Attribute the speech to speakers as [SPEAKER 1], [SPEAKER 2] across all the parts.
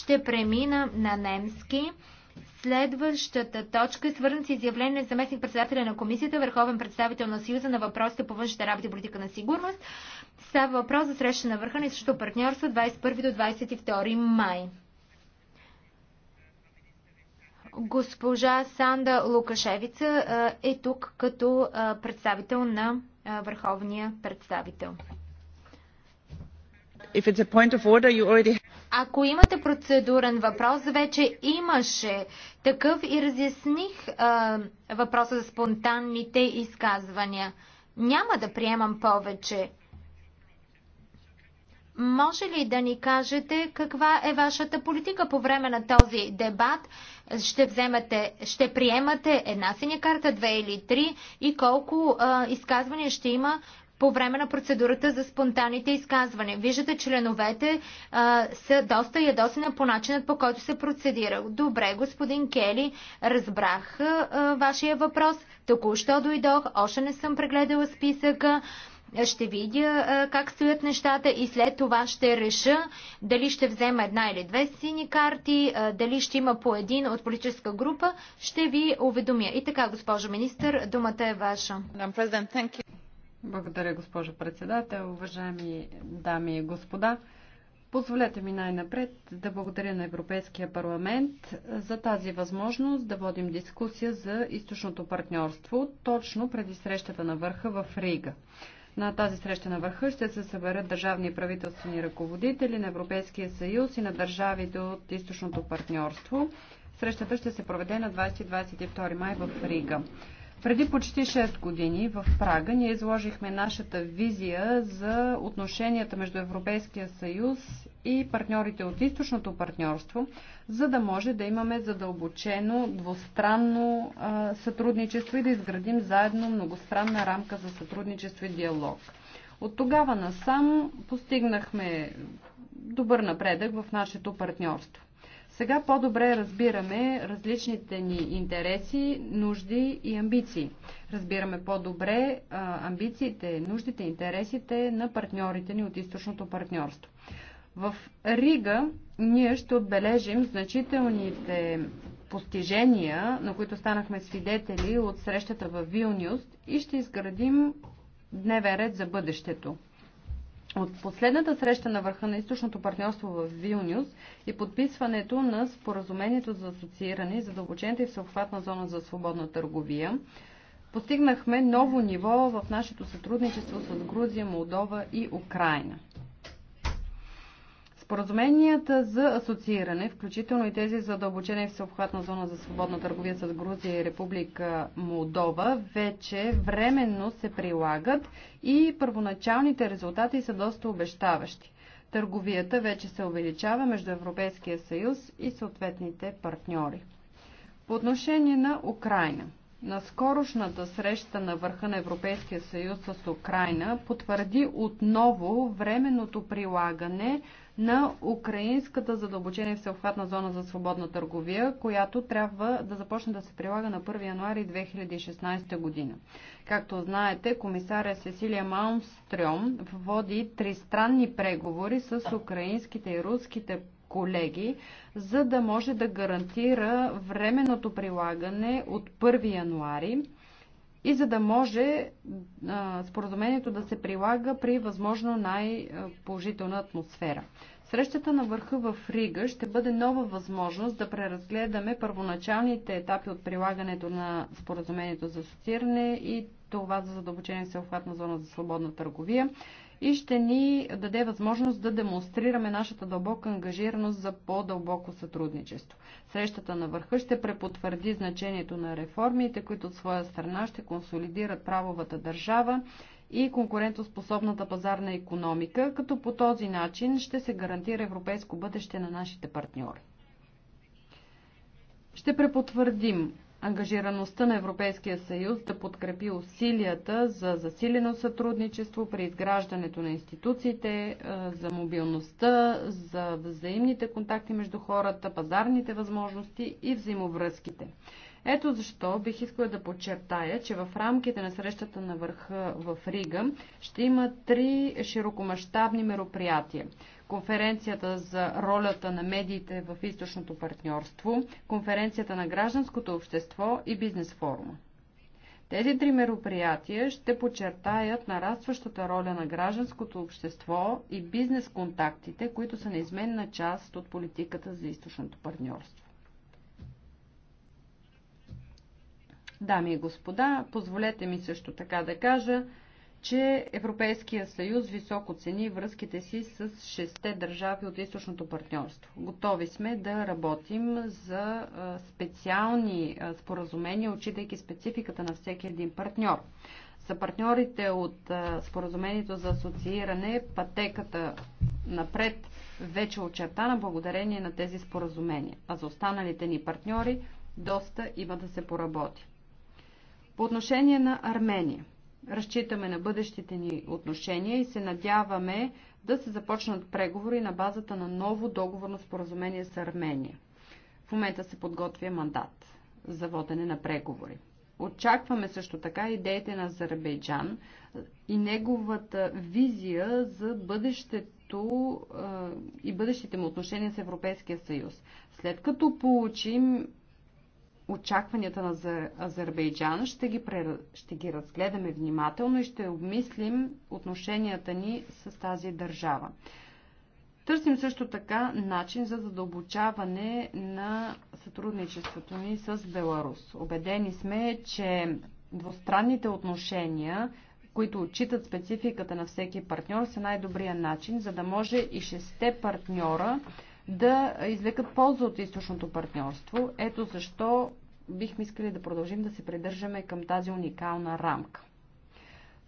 [SPEAKER 1] Ще премина на немски. Следващата точка е свързана с изявление на заместник председателя на комисията, върховен представител на Съюза на въпросите по външните работа и политика на сигурност. Става въпрос за среща на върха на същото партньорство 21 до 22 май. Госпожа Санда Лукашевица е тук като представител на върховния представител. Ако имате процедурен въпрос, вече имаше такъв и разясних въпроса за спонтанните изказвания. Няма да приемам повече. Може ли да ни кажете каква е вашата политика по време на този дебат? Ще, вземете, ще приемате една синя карта, две или три и колко а, изказвания ще има по време на процедурата за спонтанните изказвания. Виждате, членовете а, са доста ядосени по начинът, по който се процедира. Добре, господин Кели, разбрах а, вашия въпрос. Току-що дойдох, още не съм прегледала списъка ще видя а, как стоят нещата и след това ще реша дали ще взема една или две сини карти, а, дали ще има по един от политическа група, ще ви уведомя. И така, госпожо министър, думата е ваша.
[SPEAKER 2] Благодаря, госпожо председател. Уважаеми дами и господа, позволете ми най-напред да благодаря на Европейския парламент за тази възможност да водим дискусия за източното партньорство точно преди срещата на върха в Рига. На тази среща на върха ще се съберат държавни и правителствени ръководители на Европейския съюз и на държавите от източното партньорство. Срещата ще се проведе на 20-22 май в Рига. Преди почти 6 години в Прага ние изложихме нашата визия за отношенията между Европейския съюз и партньорите от източното партньорство, за да може да имаме задълбочено двустранно а, сътрудничество и да изградим заедно многостранна рамка за сътрудничество и диалог. От тогава насам постигнахме добър напредък в нашето партньорство. Сега по-добре разбираме различните ни интереси, нужди и амбиции. Разбираме по-добре амбициите, нуждите, интересите на партньорите ни от източното партньорство. В Рига ние ще отбележим значителните постижения, на които станахме свидетели от срещата в Вилнюс и ще изградим дневен ред за бъдещето. От последната среща на върха на източното партньорство в Вилнюс и подписването на споразумението за асоцииране за задълбочената и всеобхватна зона за свободна търговия, постигнахме ново ниво в нашето сътрудничество с Грузия, Молдова и Украина. Споразуменията за асоцииране, включително и тези за дълбочена и всеобхватна зона за свободна търговия с Грузия и Република Молдова, вече временно се прилагат и първоначалните резултати са доста обещаващи. Търговията вече се увеличава между Европейския съюз и съответните партньори. По отношение на Украина. На скорошната среща на върха на Европейския съюз с Украина потвърди отново временното прилагане на украинската задълбочена и всеобхватна зона за свободна търговия, която трябва да започне да се прилага на 1 януари 2016 година. Както знаете, комисаря Сесилия Маунстрём води тристранни преговори с украинските и руските колеги, за да може да гарантира временното прилагане от 1 януари и за да може а, споразумението да се прилага при възможно най-положителна атмосфера. Срещата на върха в Рига ще бъде нова възможност да преразгледаме първоначалните етапи от прилагането на споразумението за асоцииране и това за задълбочение всеобхватна зона за свободна търговия и ще ни даде възможност да демонстрираме нашата дълбока ангажираност за по-дълбоко сътрудничество. Срещата на върха ще препотвърди значението на реформите, които от своя страна ще консолидират правовата държава и конкурентоспособната пазарна економика, като по този начин ще се гарантира европейско бъдеще на нашите партньори. Ще препотвърдим ангажираността на Европейския съюз да подкрепи усилията за засилено сътрудничество при изграждането на институциите, е, за мобилността, за взаимните контакти между хората, пазарните възможности и взаимовръзките. Ето защо бих искала да подчертая, че в рамките на срещата на върха в Рига ще има три широкомащабни мероприятия. Конференцията за ролята на медиите в източното партньорство, конференцията на гражданското общество и бизнес форума. Тези три мероприятия ще подчертаят нарастващата роля на гражданското общество и бизнес контактите, които са неизменна част от политиката за източното партньорство. Дами и господа, позволете ми също така да кажа, че Европейския съюз високо цени връзките си с шесте държави от източното партньорство. Готови сме да работим за специални споразумения, отчитайки спецификата на всеки един партньор. За партньорите от споразумението за асоцииране пътеката напред вече очертана благодарение на тези споразумения, а за останалите ни партньори доста има да се поработи. По отношение на Армения. Разчитаме на бъдещите ни отношения и се надяваме да се започнат преговори на базата на ново договорно споразумение с Армения. В момента се подготвя мандат за водене на преговори. Очакваме също така идеите на Азербайджан и неговата визия за бъдещето и бъдещите му отношения с Европейския съюз. След като получим очакванията на Азербайджан. Ще ги, пре... ще ги разгледаме внимателно и ще обмислим отношенията ни с тази държава. Търсим също така начин за задълбочаване на сътрудничеството ни с Беларус. Обедени сме, че двустранните отношения, които отчитат спецификата на всеки партньор, са най-добрия начин, за да може и шесте партньора да извлекат полза от източното партньорство. Ето защо бихме искали да продължим да се придържаме към тази уникална рамка.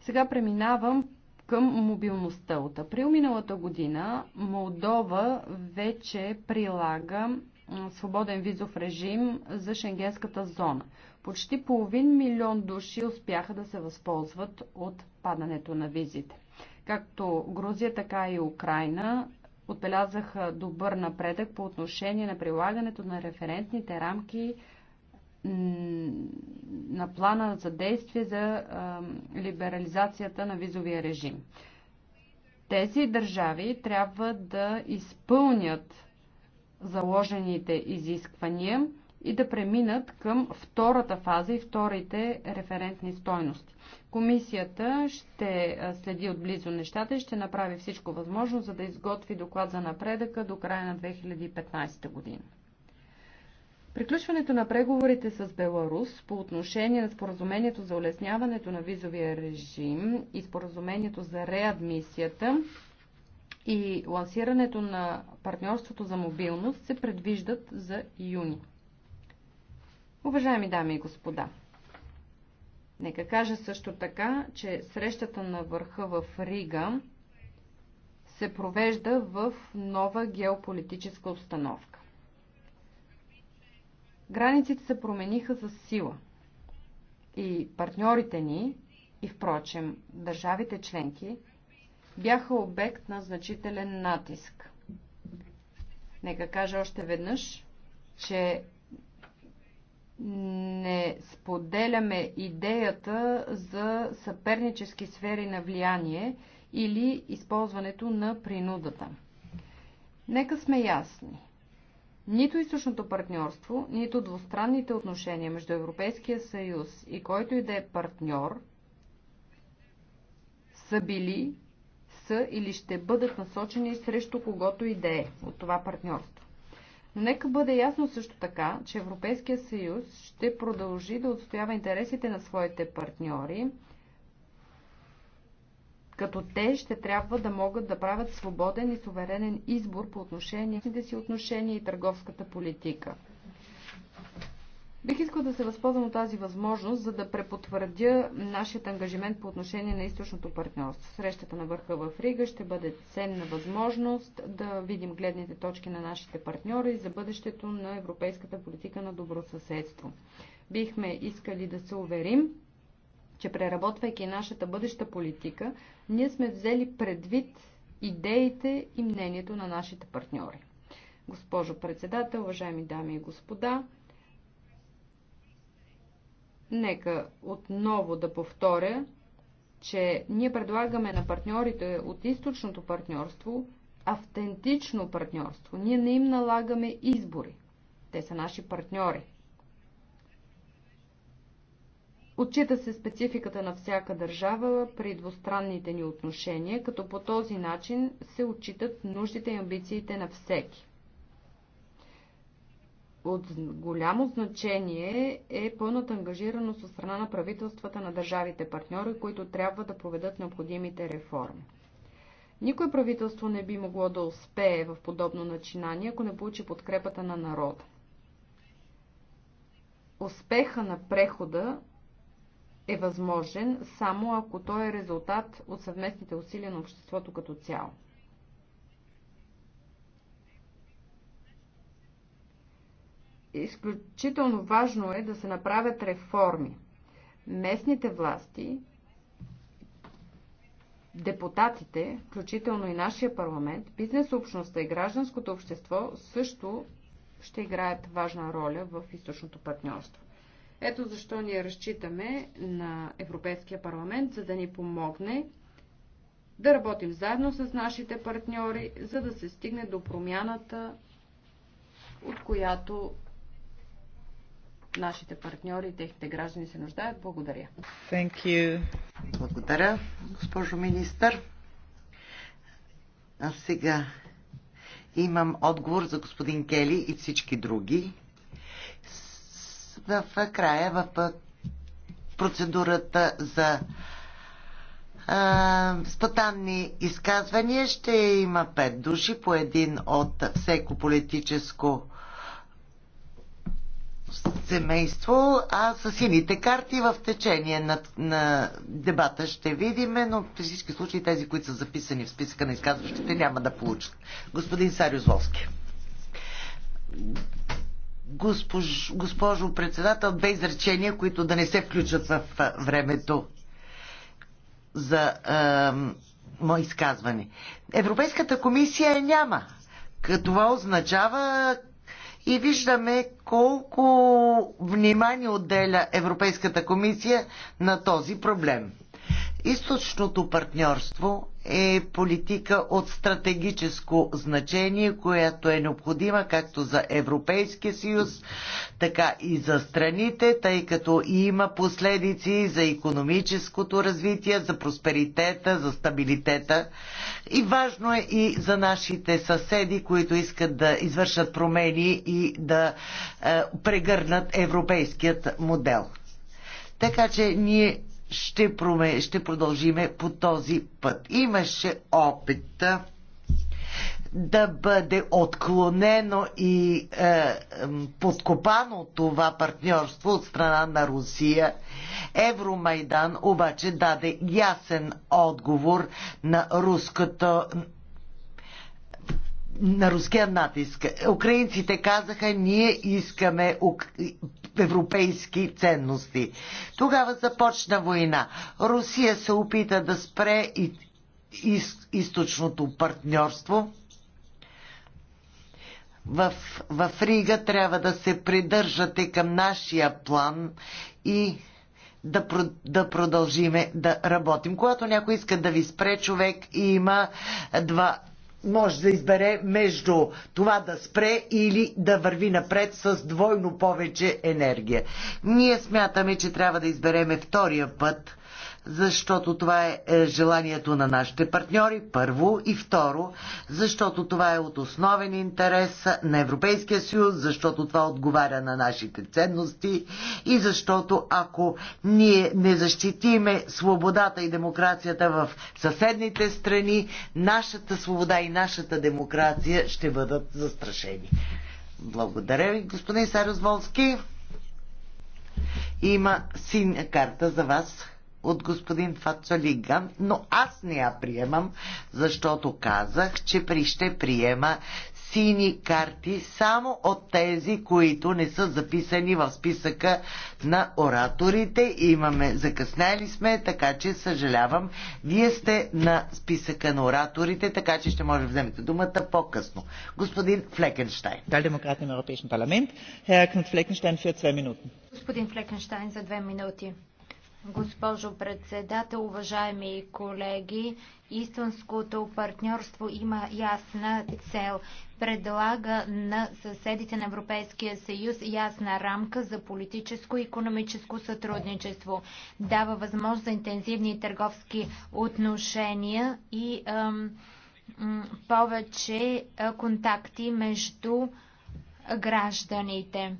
[SPEAKER 2] Сега преминавам към мобилността. От април миналата година Молдова вече прилага свободен визов режим за шенгенската зона. Почти половин милион души успяха да се възползват от падането на визите. Както Грузия, така и Украина отбелязаха добър напредък по отношение на прилагането на референтните рамки на плана за действие за либерализацията на визовия режим. Тези държави трябва да изпълнят заложените изисквания и да преминат към втората фаза и вторите референтни стойности. Комисията ще следи отблизо нещата и ще направи всичко възможно, за да изготви доклад за напредъка до края на 2015 година. Приключването на преговорите с Беларус по отношение на споразумението за улесняването на визовия режим и споразумението за реадмисията и лансирането на партньорството за мобилност се предвиждат за юни. Уважаеми дами и господа, нека кажа също така, че срещата на върха в Рига се провежда в нова геополитическа обстановка. Границите се промениха с сила. И партньорите ни, и впрочем държавите членки, бяха обект на значителен натиск. Нека кажа още веднъж, че не споделяме идеята за съпернически сфери на влияние или използването на принудата. Нека сме ясни. Нито източното партньорство, нито двустранните отношения между Европейския съюз и който и да е партньор са били, са или ще бъдат насочени срещу когото и да е от това партньорство. Но нека бъде ясно също така, че Европейския съюз ще продължи да отстоява интересите на своите партньори, като те ще трябва да могат да правят свободен и суверенен избор по отношение на си отношения и търговската политика. Бих искал да се възползвам от тази възможност, за да препотвърдя нашият ангажимент по отношение на източното партньорство. Срещата на върха в Рига ще бъде ценна възможност да видим гледните точки на нашите партньори за бъдещето на европейската политика на добросъседство. Бихме искали да се уверим, че преработвайки нашата бъдеща политика, ние сме взели предвид идеите и мнението на нашите партньори. Госпожо председател, уважаеми дами и господа, нека отново да повторя, че ние предлагаме на партньорите от източното партньорство автентично партньорство. Ние не им налагаме избори. Те са наши партньори. Отчита се спецификата на всяка държава при двустранните ни отношения, като по този начин се отчитат нуждите и амбициите на всеки. От голямо значение е пълната ангажираност от страна на правителствата на държавите партньори, които трябва да проведат необходимите реформи. Никое правителство не би могло да успее в подобно начинание, ако не получи подкрепата на народа. Успеха на прехода е възможен само ако той е резултат от съвместните усилия на обществото като цяло. Изключително важно е да се направят реформи. Местните власти, депутатите, включително и нашия парламент, бизнес общността и гражданското общество също ще играят важна роля в източното партньорство. Ето защо ние разчитаме на Европейския парламент, за да ни помогне да работим заедно с нашите партньори, за да се стигне до промяната, от която нашите партньори и техните граждани се нуждаят. Благодаря.
[SPEAKER 3] Thank you. Благодаря, госпожо министър. А сега имам отговор за господин Кели и всички други в края в процедурата за спотанни изказвания ще има пет души по един от всеко политическо семейство, а с сините карти в течение на, на дебата ще видим, но при всички случаи тези, които са записани в списъка на изказващите, няма да получат. Господин Сарю Зловски госпож, госпожо председател, две изречения, които да не се включат в времето за е, мое изказване. Европейската комисия няма. Това означава и виждаме колко внимание отделя Европейската комисия на този проблем. Източното партньорство е политика от стратегическо значение, която е необходима както за Европейския съюз, така и за страните, тъй като има последици за економическото развитие, за просперитета, за стабилитета. И важно е и за нашите съседи, които искат да извършат промени и да е, прегърнат европейският модел. Така че ние ще, проме, ще продължиме по този път. Имаше опита да бъде отклонено и е, подкопано това партньорство от страна на Русия. Евромайдан обаче даде ясен отговор на руската на руския натиск. Украинците казаха, ние искаме европейски ценности. Тогава започна война. Русия се опита да спре и, и, източното партньорство. В, в Рига трябва да се придържате към нашия план и да, да продължиме да работим. Когато някой иска да ви спре човек и има два може да избере между това да спре или да върви напред с двойно повече енергия. Ние смятаме, че трябва да избереме втория път, защото това е, е желанието на нашите партньори, първо, и второ, защото това е от основен интерес на Европейския съюз, защото това отговаря на нашите ценности и защото ако ние не защитиме свободата и демокрацията в съседните страни, нашата свобода и нашата демокрация ще бъдат застрашени. Благодаря ви, господин Сарозволски. Има синя карта за вас от господин Фацолиган, но аз не я приемам, защото казах, че при ще приема сини карти само от тези, които не са записани в списъка на ораторите. Имаме, закъсняли сме, така че съжалявам. Вие сте на списъка на ораторите, така че ще може да вземете думата по-късно. Господин Флекенштайн. Да, демократ на Европейския парламент. Хер Кнут Флекенштайн за 2 минути.
[SPEAKER 1] Господин Флекенштайн за 2 минути. Госпожо председател, уважаеми колеги, Истинското партньорство има ясна цел. Предлага на съседите на Европейския съюз ясна рамка за политическо и економическо сътрудничество. Дава възможност за интензивни търговски отношения и ам, повече контакти между гражданите.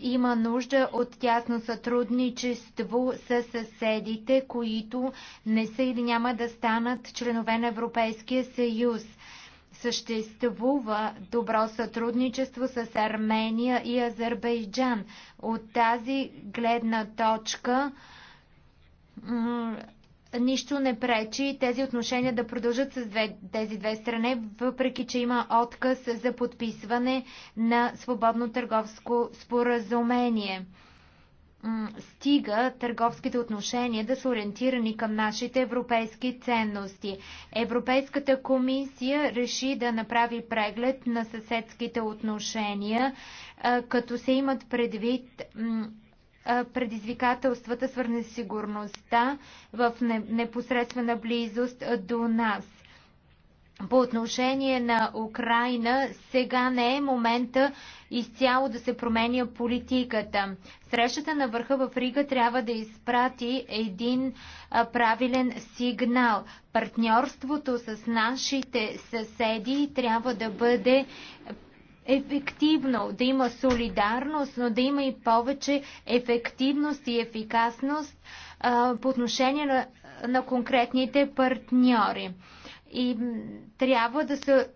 [SPEAKER 1] Има нужда от тясно сътрудничество с съседите, които не са или няма да станат членове на Европейския съюз. Съществува добро сътрудничество с Армения и Азербайджан. От тази гледна точка нищо не пречи тези отношения да продължат с две, тези две страни, въпреки че има отказ за подписване на свободно търговско споразумение. Стига търговските отношения да са ориентирани към нашите европейски ценности. Европейската комисия реши да направи преглед на съседските отношения, като се имат предвид предизвикателствата, свързани с сигурността в непосредствена близост до нас. По отношение на Украина, сега не е момента изцяло да се променя политиката. Срещата на върха в Рига трябва да изпрати един правилен сигнал. Партньорството с нашите съседи трябва да бъде ефективно, да има солидарност, но да има и повече ефективност и ефикасност а, по отношение на, на конкретните партньори. И трябва да се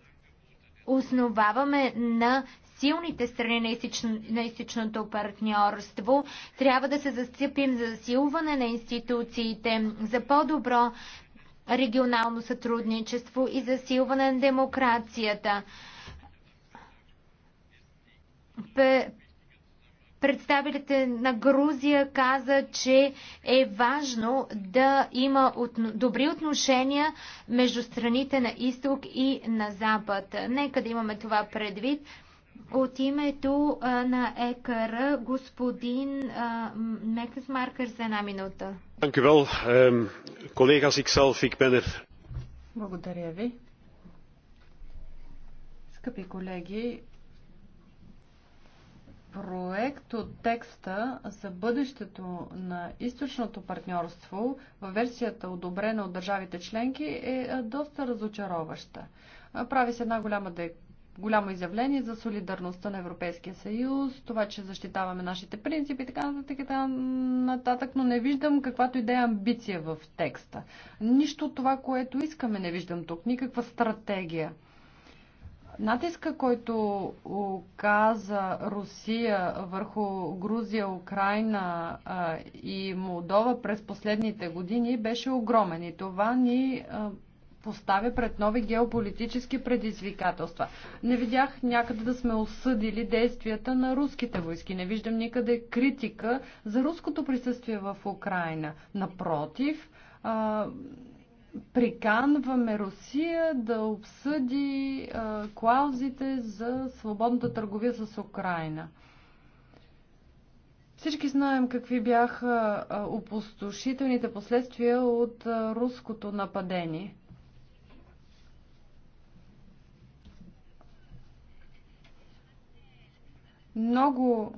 [SPEAKER 1] основаваме на силните страни на, истично, на истичното партньорство. Трябва да се застъпим за засилване на институциите, за по-добро регионално сътрудничество и засилване на демокрацията представителите на Грузия каза, че е важно да има добри отношения между страните на изток и на запад. Нека да имаме това предвид. От името на ЕКР господин Мекес Маркър за една минута.
[SPEAKER 4] Ehm, er.
[SPEAKER 1] Благодаря ви. Скъпи колеги,
[SPEAKER 2] проект от текста за бъдещето на източното партньорство във версията, одобрена от държавите членки, е, е доста разочароваща. Прави се една голяма дек голямо изявление за солидарността на Европейския съюз, това, че защитаваме нашите принципи и така нататък, така нататък, но не виждам каквато и да е амбиция в текста. Нищо от това, което искаме, не виждам тук. Никаква стратегия. Натиска, който оказа Русия върху Грузия, Украина и Молдова през последните години беше огромен и това ни поставя пред нови геополитически предизвикателства. Не видях някъде да сме осъдили действията на руските войски. Не виждам никъде критика за руското присъствие в Украина. Напротив, приканваме Русия да обсъди а, клаузите за свободната търговия с Украина. Всички знаем какви бяха опустошителните последствия от руското нападение. Много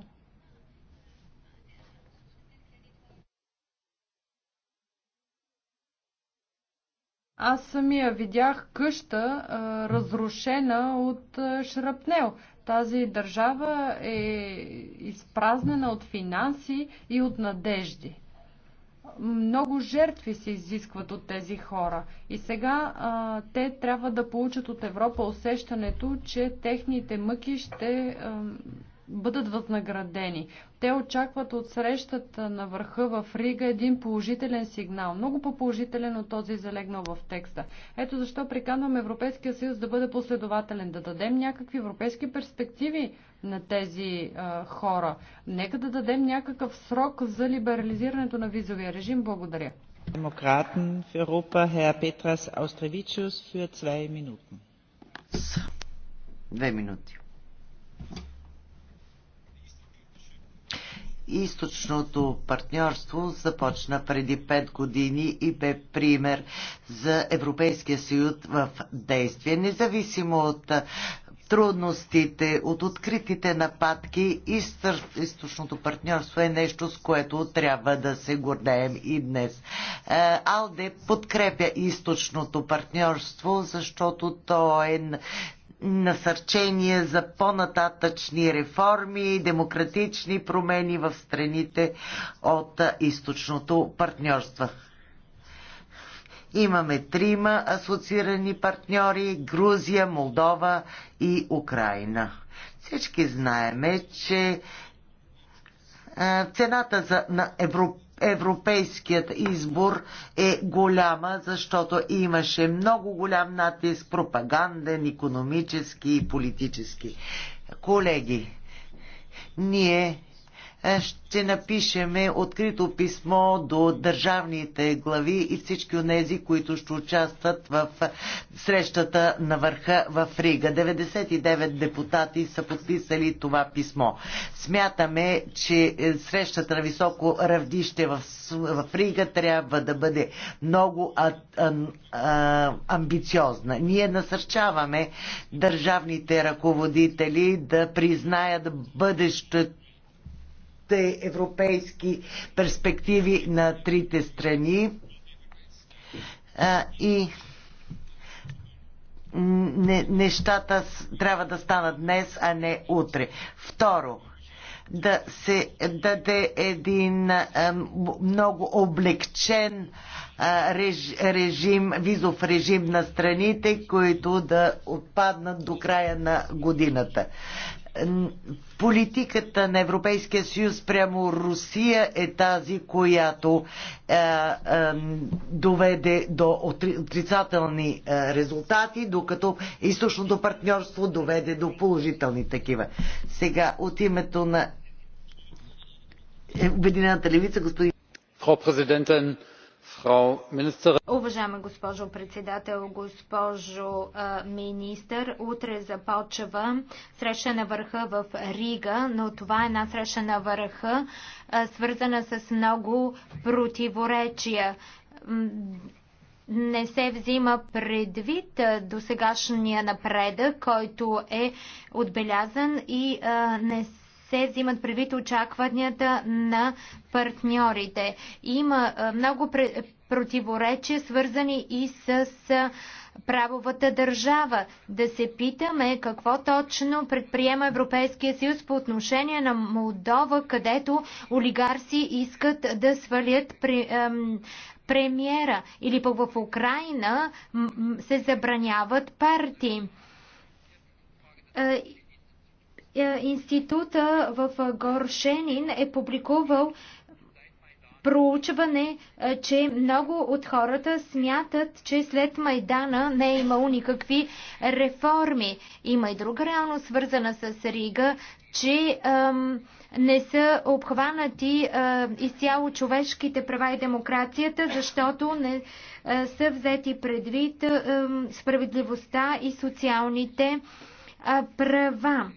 [SPEAKER 2] Аз самия видях къща, а, разрушена от а, шрапнел. Тази държава е изпразнена от финанси и от надежди. Много жертви се изискват от тези хора. И сега а, те трябва да получат от Европа усещането, че техните мъки ще. А, бъдат възнаградени. Те очакват от срещата на върха в Рига един положителен сигнал, много по-положителен от този залегнал в текста. Ето защо приканвам Европейския съюз да бъде последователен, да дадем някакви европейски перспективи на тези е, хора. Нека да дадем някакъв срок за либерализирането на визовия режим. Благодаря.
[SPEAKER 5] Демократен в Европа, хер Петрас Аустревичус, für 2 минути.
[SPEAKER 3] Две минути източното партньорство започна преди 5 години и бе пример за Европейския съюз в действие. Независимо от трудностите, от откритите нападки, източното партньорство е нещо, с което трябва да се гордеем и днес. Е, Алде подкрепя източното партньорство, защото то е насърчение за по-нататъчни реформи и демократични промени в страните от източното партньорство. Имаме трима асоциирани партньори Грузия, Молдова и Украина. Всички знаеме, че цената за, на Европа европейският избор е голяма, защото имаше много голям натиск, пропаганден, економически и политически. Колеги, ние е, ще напишеме открито писмо до държавните глави и всички от тези, които ще участват в срещата на върха в Рига. 99 депутати са подписали това писмо. Смятаме, че е, срещата на високо равдище в, в Рига трябва да бъде много а, а, а, амбициозна. Ние насърчаваме държавните ръководители да признаят бъдещето европейски перспективи на трите страни и нещата трябва да станат днес, а не утре. Второ, да се даде един много облегчен режим, визов режим на страните, които да отпаднат до края на годината политиката на Европейския съюз прямо Русия е тази, която е, е, доведе до отрицателни е, резултати, докато източното партньорство доведе до положителни такива. Сега от името на е, Обединената левица, господин. Frau президентен,
[SPEAKER 1] Уважаема госпожо председател, госпожо министър, утре започва среща на върха в Рига, но това е една среща на върха, свързана с много противоречия. Не се взима предвид досегашния напредък, който е отбелязан и не се се взимат предвид очакванията на партньорите. Има много противоречия, свързани и с правовата държава. Да се питаме какво точно предприема Европейския съюз по отношение на Молдова, където олигарси искат да свалят при, премиера. Или пък в Украина се забраняват партии. Е, института в е, Горшенин е публикувал проучване, е, че много от хората смятат, че след Майдана не е имало никакви реформи. Има и друга реалност, свързана с Рига, че ам, не са обхванати а, изцяло човешките права и демокрацията, защото не а, са взети предвид а, справедливостта и социалните а, права.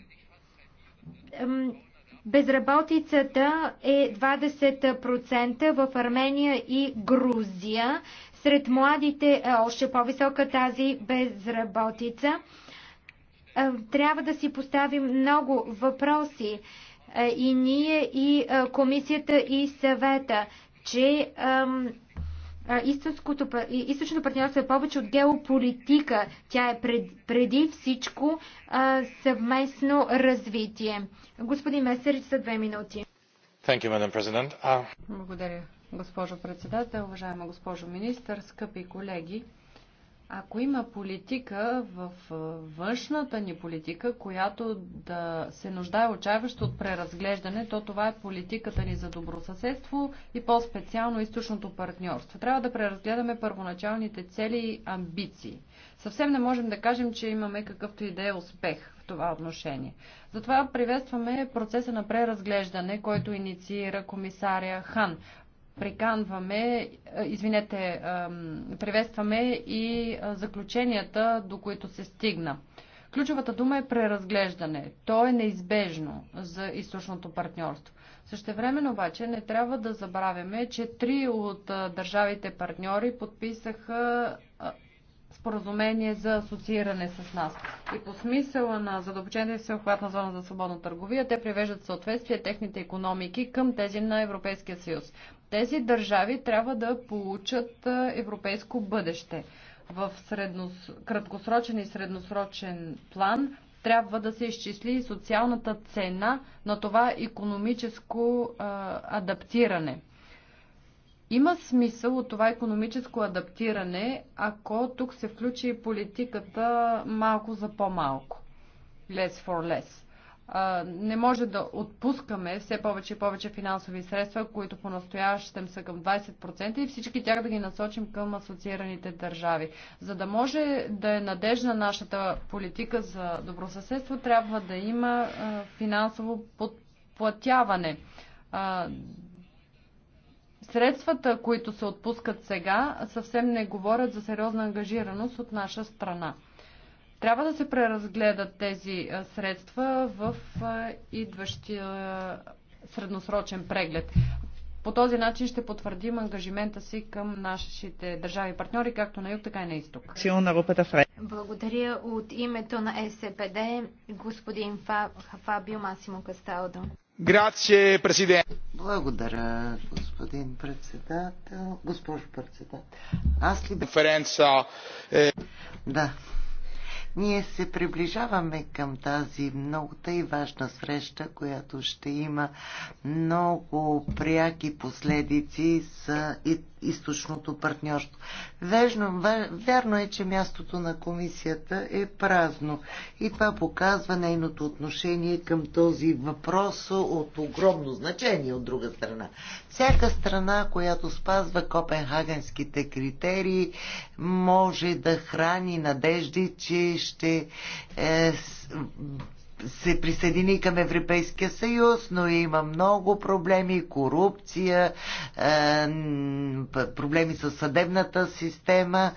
[SPEAKER 1] Безработицата е 20% в Армения и Грузия. Сред младите е още по-висока тази безработица. Трябва да си поставим много въпроси е, и ние, и е, комисията, и съвета, че източното партньорство е повече от геополитика. Тя е пред, преди всичко а, съвместно развитие. Господин Месерич, за две минути.
[SPEAKER 3] Thank you, Madam President. Uh...
[SPEAKER 2] Благодаря, госпожо председател, уважаема госпожо министър, скъпи колеги. Ако има политика в външната ни политика, която да се нуждае отчаяващо от преразглеждане, то това е политиката ни за добросъседство и по-специално източното партньорство. Трябва да преразгледаме първоначалните цели и амбиции. Съвсем не можем да кажем, че имаме какъвто и да е успех в това отношение. Затова приветстваме процеса на преразглеждане, който инициира комисаря Хан приканваме, извинете, приветстваме и заключенията, до които се стигна. Ключовата дума е преразглеждане. То е неизбежно за източното партньорство. Същевременно обаче не трябва да забравяме, че три от държавите партньори подписаха споразумение за асоцииране с нас. И по смисъла на задълбочената и всеохватна зона за свободна търговия, те привеждат съответствие техните економики към тези на Европейския съюз. Тези държави трябва да получат европейско бъдеще. В среднос... краткосрочен и средносрочен план трябва да се изчисли и социалната цена на това економическо а, адаптиране. Има смисъл от това економическо адаптиране, ако тук се включи и политиката малко за по-малко. Less for less не може да отпускаме все повече и повече финансови средства, които по-настоящем са към 20% и всички тях да ги насочим към асоциираните държави. За да може да е надежна нашата политика за добросъседство, трябва да има финансово подплатяване. Средствата, които се отпускат сега, съвсем не говорят за сериозна ангажираност от наша страна. Трябва да се преразгледат тези средства в идващия средносрочен преглед. По този начин ще потвърдим ангажимента си към нашите държави партньори, както на юг, така и на изток.
[SPEAKER 1] Благодаря от името на СПД господин Фабио Масимо Касталдо.
[SPEAKER 3] Благодаря, господин председател. Госпожо председател. Аз ли... Конференца... Е... Да. Ние се приближаваме към тази много и важна среща, която ще има много пряки последици за и източното партньорство. Вежно, вярно е, че мястото на комисията е празно и това показва нейното отношение към този въпрос от огромно значение от друга страна. Всяка страна, която спазва копенхагенските критерии, може да храни надежди, че ще е, се присъедини към Европейския съюз, но има много проблеми, корупция, е, проблеми с съдебната система.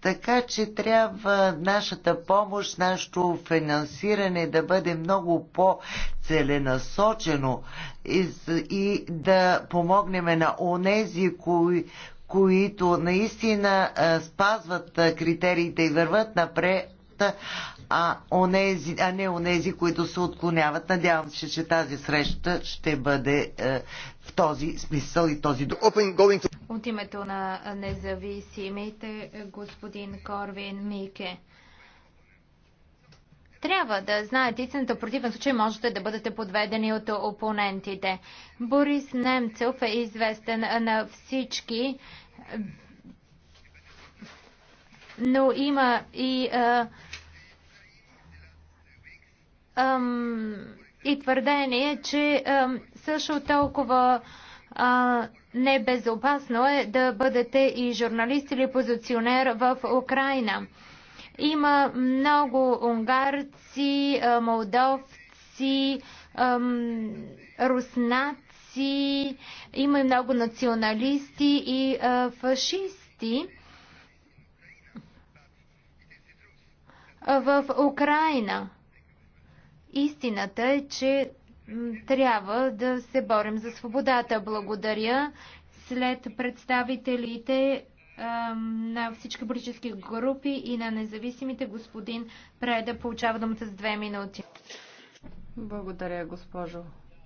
[SPEAKER 3] Така че трябва нашата помощ, нашето финансиране да бъде много по-целенасочено и, и да помогнем на онези, кои, които наистина е, спазват е, критериите и върват напред, а, онези, а не онези, които се отклоняват. Надявам се, че тази среща ще бъде е, в този смисъл и този...
[SPEAKER 1] От името на независимите, господин Корвин Мике. Трябва да знаете истината, в противен случай можете да бъдете подведени от опонентите. Борис Немцев е известен на всички, но има и а, е, и твърдение, че също толкова небезопасно е да бъдете и журналист или позиционер в Украина. Има много унгарци, молдовци, руснаци, има и много националисти и фашисти. в Украина. Истината е, че трябва да се борим за свободата. Благодаря след представителите на всички политически групи и на независимите господин Преда получава думата с две минути. Благодаря, госпожо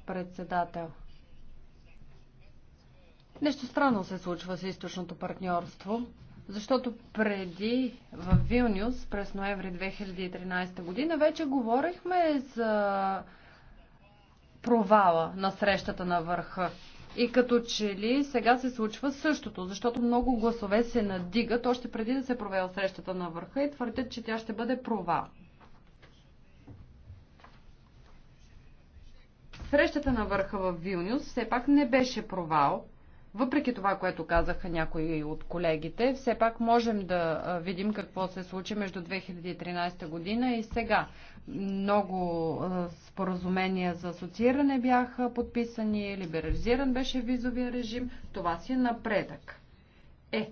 [SPEAKER 1] председател.
[SPEAKER 2] Нещо странно се случва с източното партньорство. Защото преди в Вилнюс през ноември 2013 година вече говорихме за провала на срещата на върха. И като че ли сега се случва същото, защото много гласове се надигат още преди да се провела срещата на върха и твърдят, че тя ще бъде провал. Срещата на върха в Вилнюс все пак не беше провал, въпреки това, което казаха някои от колегите, все пак можем да видим какво се случи между 2013 година и сега. Много споразумения за асоцииране бяха подписани, либерализиран беше визовия режим. Това си е напредък. Е,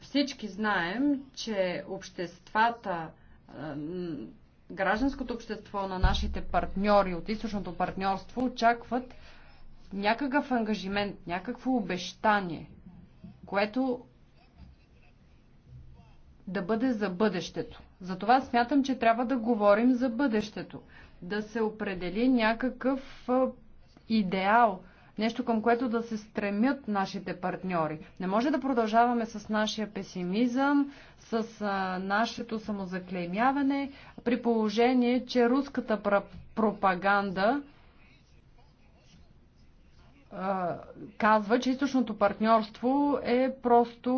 [SPEAKER 2] всички знаем, че обществата, гражданското общество на нашите партньори от източното партньорство очакват някакъв ангажимент, някакво обещание, което да бъде за бъдещето. Затова смятам, че трябва да говорим за бъдещето, да се определи някакъв идеал, нещо към което да се стремят нашите партньори. Не може да продължаваме с нашия песимизъм, с нашето самозаклеймяване, при положение, че руската пропаганда казва, че източното партньорство е просто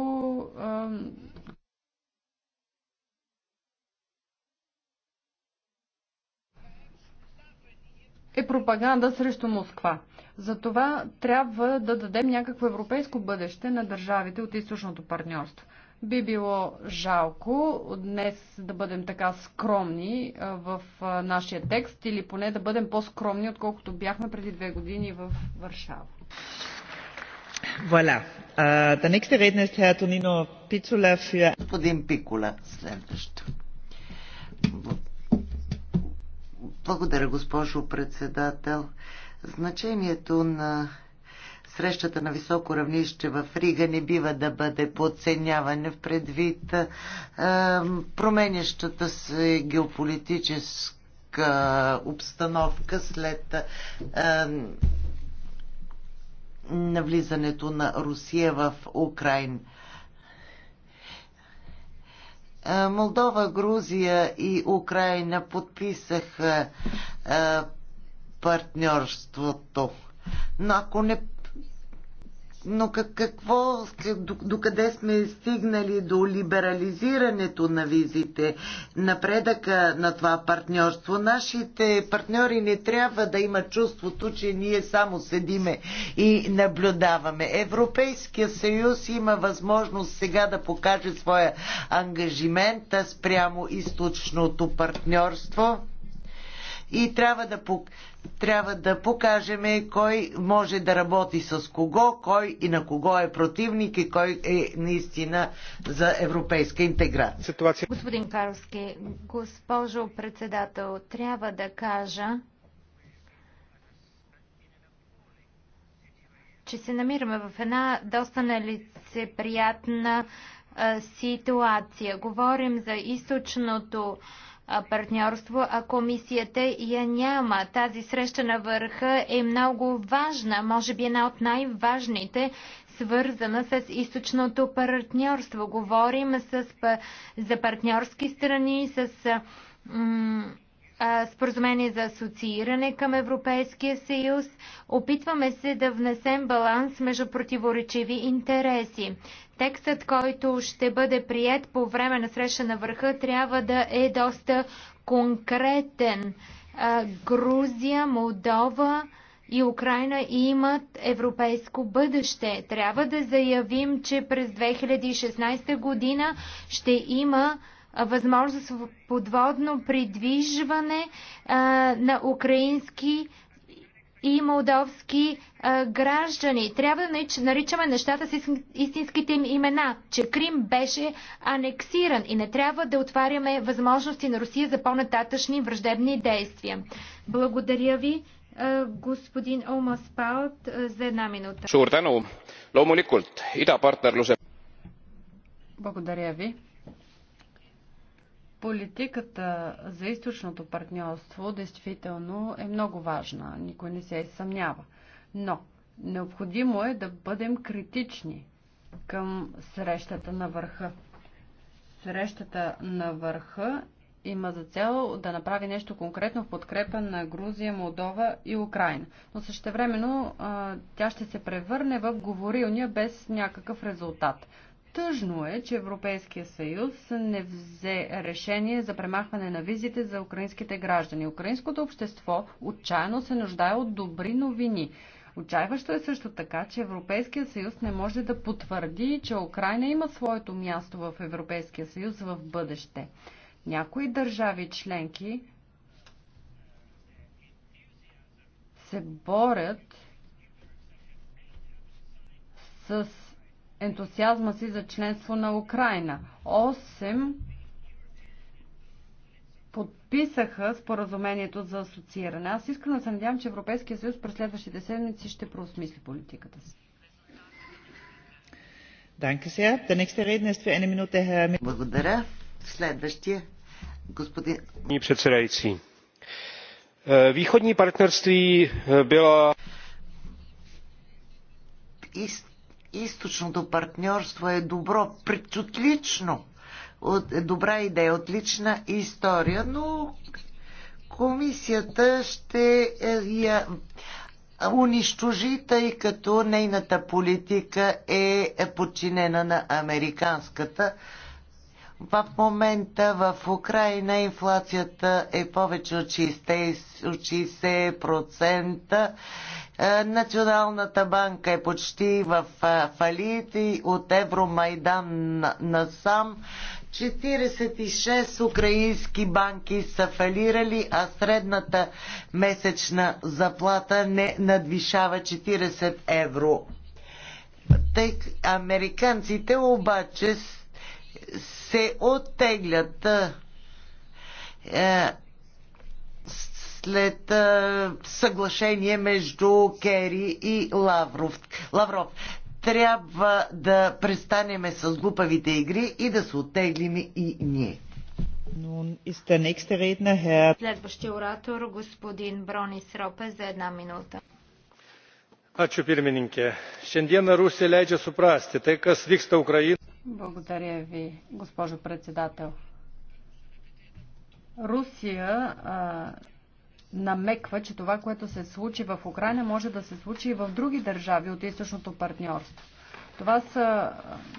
[SPEAKER 2] е пропаганда срещу Москва. Затова трябва да дадем някакво европейско бъдеще на държавите от източното партньорство. Би било жалко днес да бъдем така скромни в нашия текст или поне да бъдем по-скромни, отколкото бяхме преди две години в Варшава.
[SPEAKER 5] Voilà. Der nächste Redner ist Herr Tonino Picula
[SPEAKER 3] für... Господин Пикола, следващо. Благодаря, госпожо председател. Значението на срещата на високо равнище в Рига не бива да бъде подценяване в предвид е, променящата се геополитическа обстановка след е, навлизането на Русия в Украина. Молдова, Грузия и Украина подписаха партньорството. Но ако не, но как, какво, докъде сме стигнали до либерализирането на визите, напредъка на това партньорство? Нашите партньори не трябва да имат чувството, че ние само седиме и наблюдаваме. Европейския съюз има възможност сега да покаже своя ангажимент спрямо източното партньорство и трябва да, трябва да покажем кой може да работи с кого, кой и на кого е противник и кой е наистина за европейска интеграция. Ситуация...
[SPEAKER 1] Господин Карлски, госпожо председател, трябва да кажа, че се намираме в една доста нелицеприятна ситуация. Говорим за източното партньорство, а комисията я няма. Тази среща на върха е много важна, може би една от най-важните, свързана с източното партньорство. Говорим с, за партньорски страни, с споразумение за асоцииране към Европейския съюз. Опитваме се да внесем баланс между противоречиви интереси. Текстът, който ще бъде прият по време на среща на върха, трябва да е доста конкретен. Грузия, Молдова и Украина имат европейско бъдеще. Трябва да заявим, че през 2016 година ще има възможност за подводно придвижване а, на украински и молдовски а, граждани. Трябва да наричаме нещата с истинските им имена, че Крим беше анексиран и не трябва да отваряме възможности на Русия за по-нататъчни враждебни действия. Благодаря ви, а, господин Олмас Паут, за една минута.
[SPEAKER 2] Благодаря ви. Политиката за източното партньорство действително е много важна, никой не се е съмнява. Но необходимо е да бъдем критични към срещата на върха. Срещата на върха има за цел да направи нещо конкретно в подкрепа на Грузия, Молдова и Украина. Но същевременно а, тя ще се превърне в говорилния без някакъв резултат. Тъжно е, че Европейския съюз не взе решение за премахване на визите за украинските граждани. Украинското общество отчаяно се нуждае от добри новини. Отчаиващо е също така, че Европейския съюз не може да потвърди, че Украина има своето място в Европейския съюз в бъдеще. Някои държави членки се борят с ентусиазма си за членство на Украина. Осем подписаха споразумението за асоцииране. Аз искам да се надявам, че Европейския съюз през следващите седмици ще проосмисли
[SPEAKER 5] политиката си. Благодаря.
[SPEAKER 4] Следващия господин. Председайци. Východní partnerství byla... Из източното партньорство е добро, предотлично,
[SPEAKER 3] от, е добра идея, отлична история, но комисията ще е, я унищожи, тъй като нейната политика е, е подчинена на американската в момента в Украина инфлацията е повече от 60%. Е, Националната банка е почти в е, фалит и от Евромайдан насам 46 украински банки са фалирали, а средната месечна заплата не надвишава 40 евро. Тъй, американците обаче се оттеглят е, след е, съглашение между Кери и Лавров. Лавров. Трябва да престанеме с глупавите игри и да се оттеглим и ние.
[SPEAKER 5] Следващия
[SPEAKER 1] оратор господин Бронис Ропе за една минута
[SPEAKER 4] šiandieną rusija leidžia suprasti tai kas vyksta ukrainoje.
[SPEAKER 1] Благодаря
[SPEAKER 2] ви, госпожо председател. Русия а, намеква, че това, което се случи в Украина, може да се случи и в други държави от източното партньорство. Това са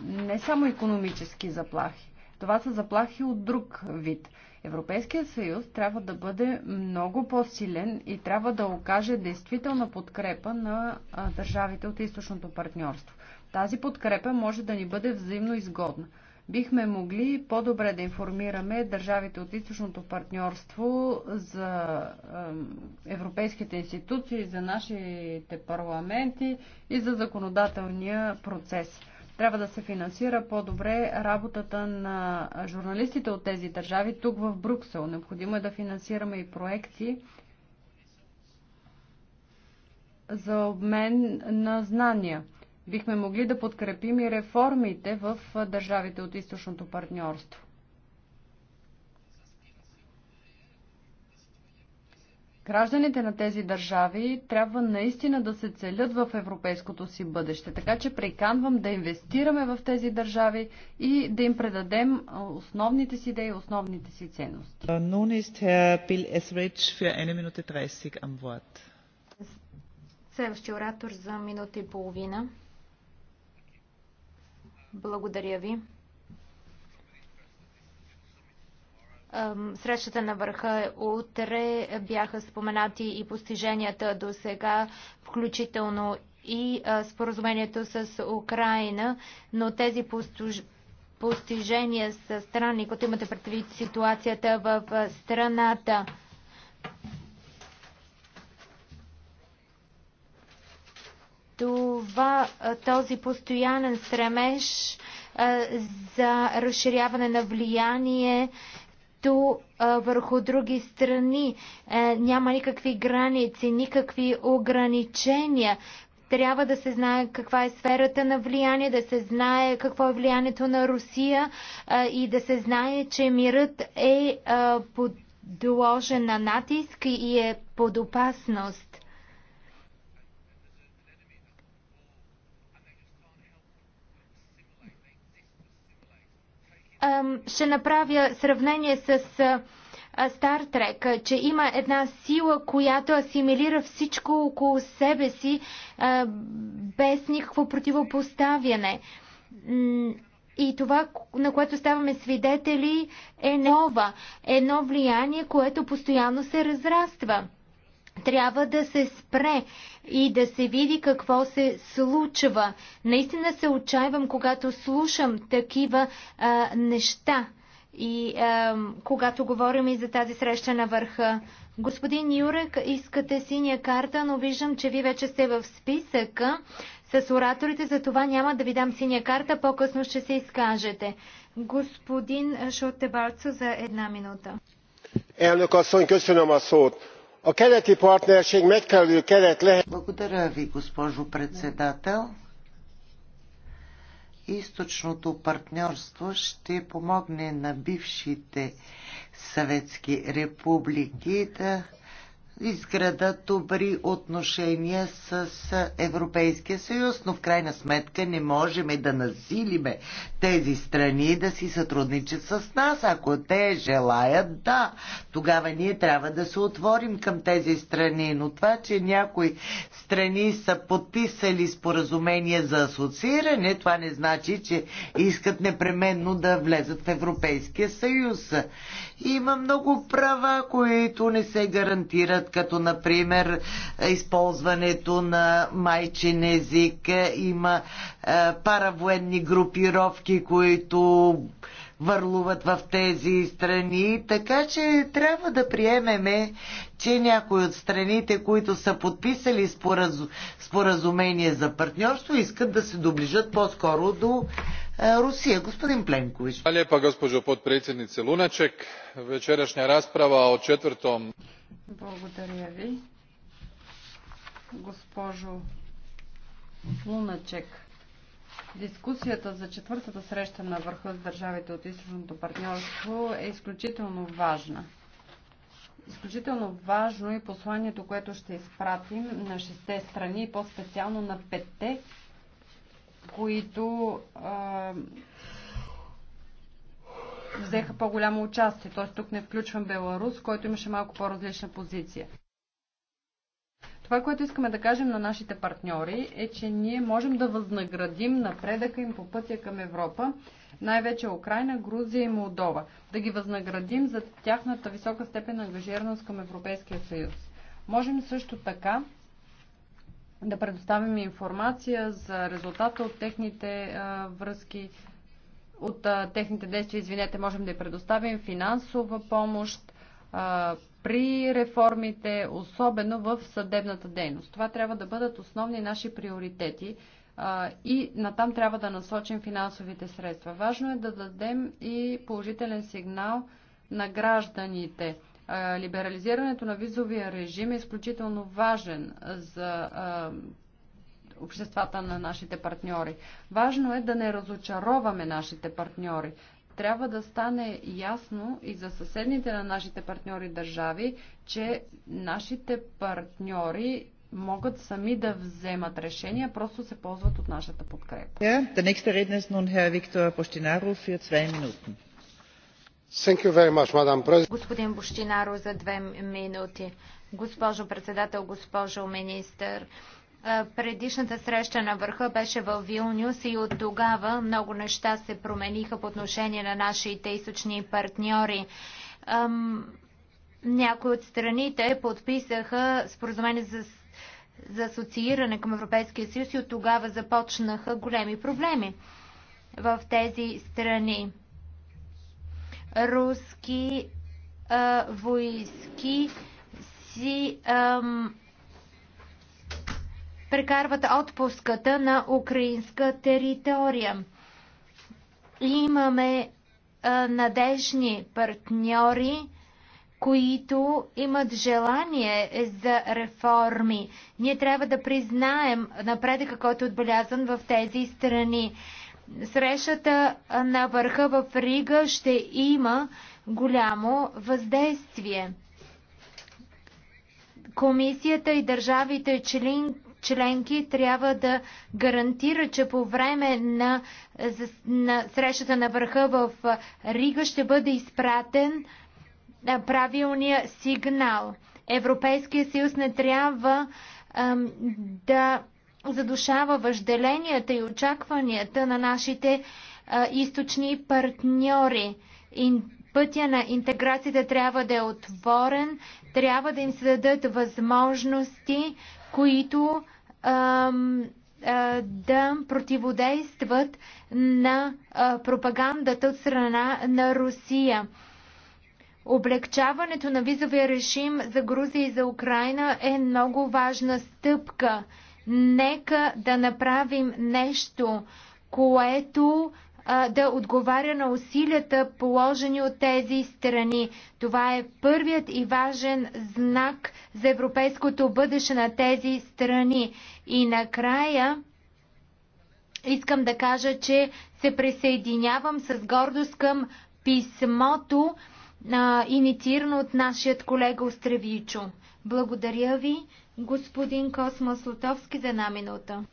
[SPEAKER 2] не само економически заплахи, това са заплахи от друг вид. Европейският съюз трябва да бъде много по-силен и трябва да окаже действителна подкрепа на държавите от източното партньорство. Тази подкрепа може да ни бъде взаимно изгодна. Бихме могли по-добре да информираме държавите от източното партньорство за европейските институции, за нашите парламенти и за законодателния процес трябва да се финансира по-добре работата на журналистите от тези държави тук в Бруксел. Необходимо е да финансираме и проекти за обмен на знания. Бихме могли да подкрепим и реформите в държавите от източното партньорство. Гражданите на тези държави трябва наистина да се целят в европейското си бъдеще. Така че приканвам да инвестираме в тези държави и да им предадем основните си идеи, основните си ценности.
[SPEAKER 1] Следващия оратор за минута и половина. Благодаря ви. Срещата на върха утре бяха споменати и постиженията до сега, включително и споразумението с Украина, но тези постижения са странни, като имате предвид ситуацията в страната. това, този постоянен стремеж за разширяване на то върху други страни. Е, няма никакви граници, никакви ограничения. Трябва да се знае каква е сферата на влияние, да се знае какво е влиянието на Русия и да се знае, че мирът е подложен на натиск и е под опасност. ще направя сравнение с Стар Трек, че има една сила, която асимилира всичко около себе си без никакво противопоставяне. И това, на което ставаме свидетели, е нова, едно влияние, което постоянно се разраства трябва да се спре и да се види какво се случва. Наистина се отчаивам, когато слушам такива а, неща и а, когато говорим и за тази среща на върха. Господин Юрек, искате синя карта, но виждам, че ви вече сте в списъка с ораторите, за това няма да ви дам синя карта, по-късно ще се изкажете. Господин Шотебарцо за една минута.
[SPEAKER 3] Елнок, asszony, köszönöm a a keleti partnerség megfelelő keret lehet. Благодаря ви, госпожо председател. Източното партньорство ще помогне на бившите съветски републики да изградат добри отношения с Европейския съюз, но в крайна сметка не можем да насилиме тези страни да си сътрудничат с нас. Ако те желаят, да, тогава ние трябва да се отворим към тези страни. Но това, че някои страни са подписали споразумение за асоцииране, това не значи, че искат непременно да влезат в Европейския съюз. Има много права, които не се гарантират включват като например използването на майчин език. Има е, паравоенни групировки, които върлуват в тези страни, така че трябва да приемеме, че някои от страните, които са подписали споразу... споразумение за партньорство, искат да се доближат по-скоро до е, Русия. Господин Пленкович.
[SPEAKER 6] Алепа, госпожо gospođo Луначек. Вечерашня разправа о четвъртом
[SPEAKER 2] благодаря ви. Госпожо Луначек, дискусията за четвъртата среща на върха с държавите от източното партньорство е изключително важна. Изключително важно и е посланието, което ще изпратим на шесте страни, по-специално на петте, които а, взеха по-голямо участие. Т.е. тук не включвам Беларус, който имаше малко по-различна позиция. Това, което искаме да кажем на нашите партньори е, че ние можем да възнаградим напредъка им по пътя към Европа, най-вече Украина, Грузия и Молдова. Да ги възнаградим за тяхната висока степен ангажираност към Европейския съюз. Можем също така да предоставим информация за резултата от техните а, връзки от а, техните действия, извинете, можем да й предоставим финансова помощ а, при реформите, особено в съдебната дейност. Това трябва да бъдат основни наши приоритети а, и натам трябва да насочим финансовите средства. Важно е да дадем и положителен сигнал на гражданите. Либерализирането на визовия режим е изключително важен за обществата на нашите партньори. Важно е да не разочароваме нашите партньори. Трябва да стане ясно и за съседните на нашите партньори държави, че нашите партньори могат сами да вземат решения, просто се ползват от нашата подкрепа.
[SPEAKER 1] Господин Бощинаро за две минути. Госпожо председател, госпожо министър, Предишната среща на върха беше в Вилнюс и от тогава много неща се промениха по отношение на нашите източни партньори. Някои от страните подписаха споразумение за, за асоцииране към Европейския съюз и от тогава започнаха големи проблеми в тези страни. Руски а, войски си прекарват отпуската на украинска територия. Имаме надежни партньори, които имат желание за реформи. Ние трябва да признаем напредъка, който е отбелязан в тези страни. Срещата на върха в Рига ще има голямо въздействие. Комисията и държавите членки членки трябва да гарантира, че по време на, на срещата на върха в Рига ще бъде изпратен правилния сигнал. Европейския съюз не трябва ам, да задушава въжделенията и очакванията на нашите а, източни партньори. И пътя на интеграцията трябва да е отворен, трябва да им се дадат възможности, които да противодействат на пропагандата от страна на Русия. Облегчаването на визовия режим за Грузия и за Украина е много важна стъпка. Нека да направим нещо, което да отговаря на усилията, положени от тези страни. Това е първият и важен знак за европейското бъдеще на тези страни. И накрая искам да кажа, че се присъединявам с гордост към писмото, а, инициирано от нашият колега Остревичо. Благодаря ви, господин Космос Лотовски, за една минута.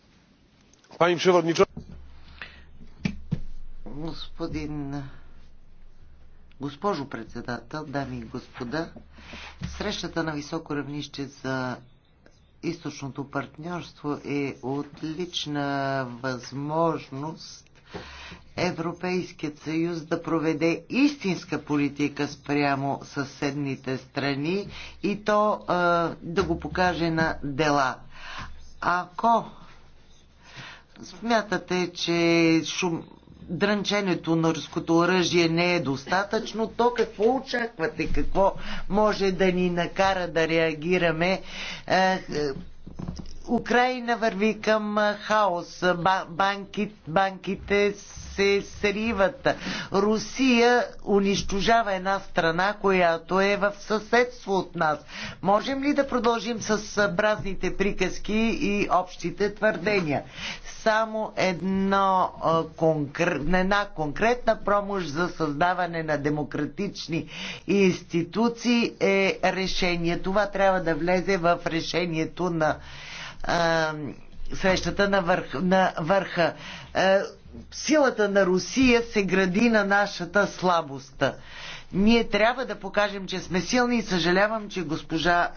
[SPEAKER 3] Пани господин госпожо председател, дами и господа, срещата на високо равнище за източното партньорство е отлична възможност Европейският съюз да проведе истинска политика спрямо съседните страни и то е, да го покаже на дела. Ако смятате, че шум, дрънченето на руското оръжие не е достатъчно, то какво очаквате? Какво може да ни накара да реагираме? Е, е, Украина върви към е, хаос. Банки, банките се сриват. Русия унищожава една страна, която е в съседство от нас. Можем ли да продължим с бразните приказки и общите твърдения? Само едно, конкрет, една конкретна промощ за създаване на демократични институции е решение. Това трябва да влезе в решението на срещата на, върх, на върха силата на Русия се гради на нашата слабост. Ние трябва да покажем, че сме силни и съжалявам, че госпожа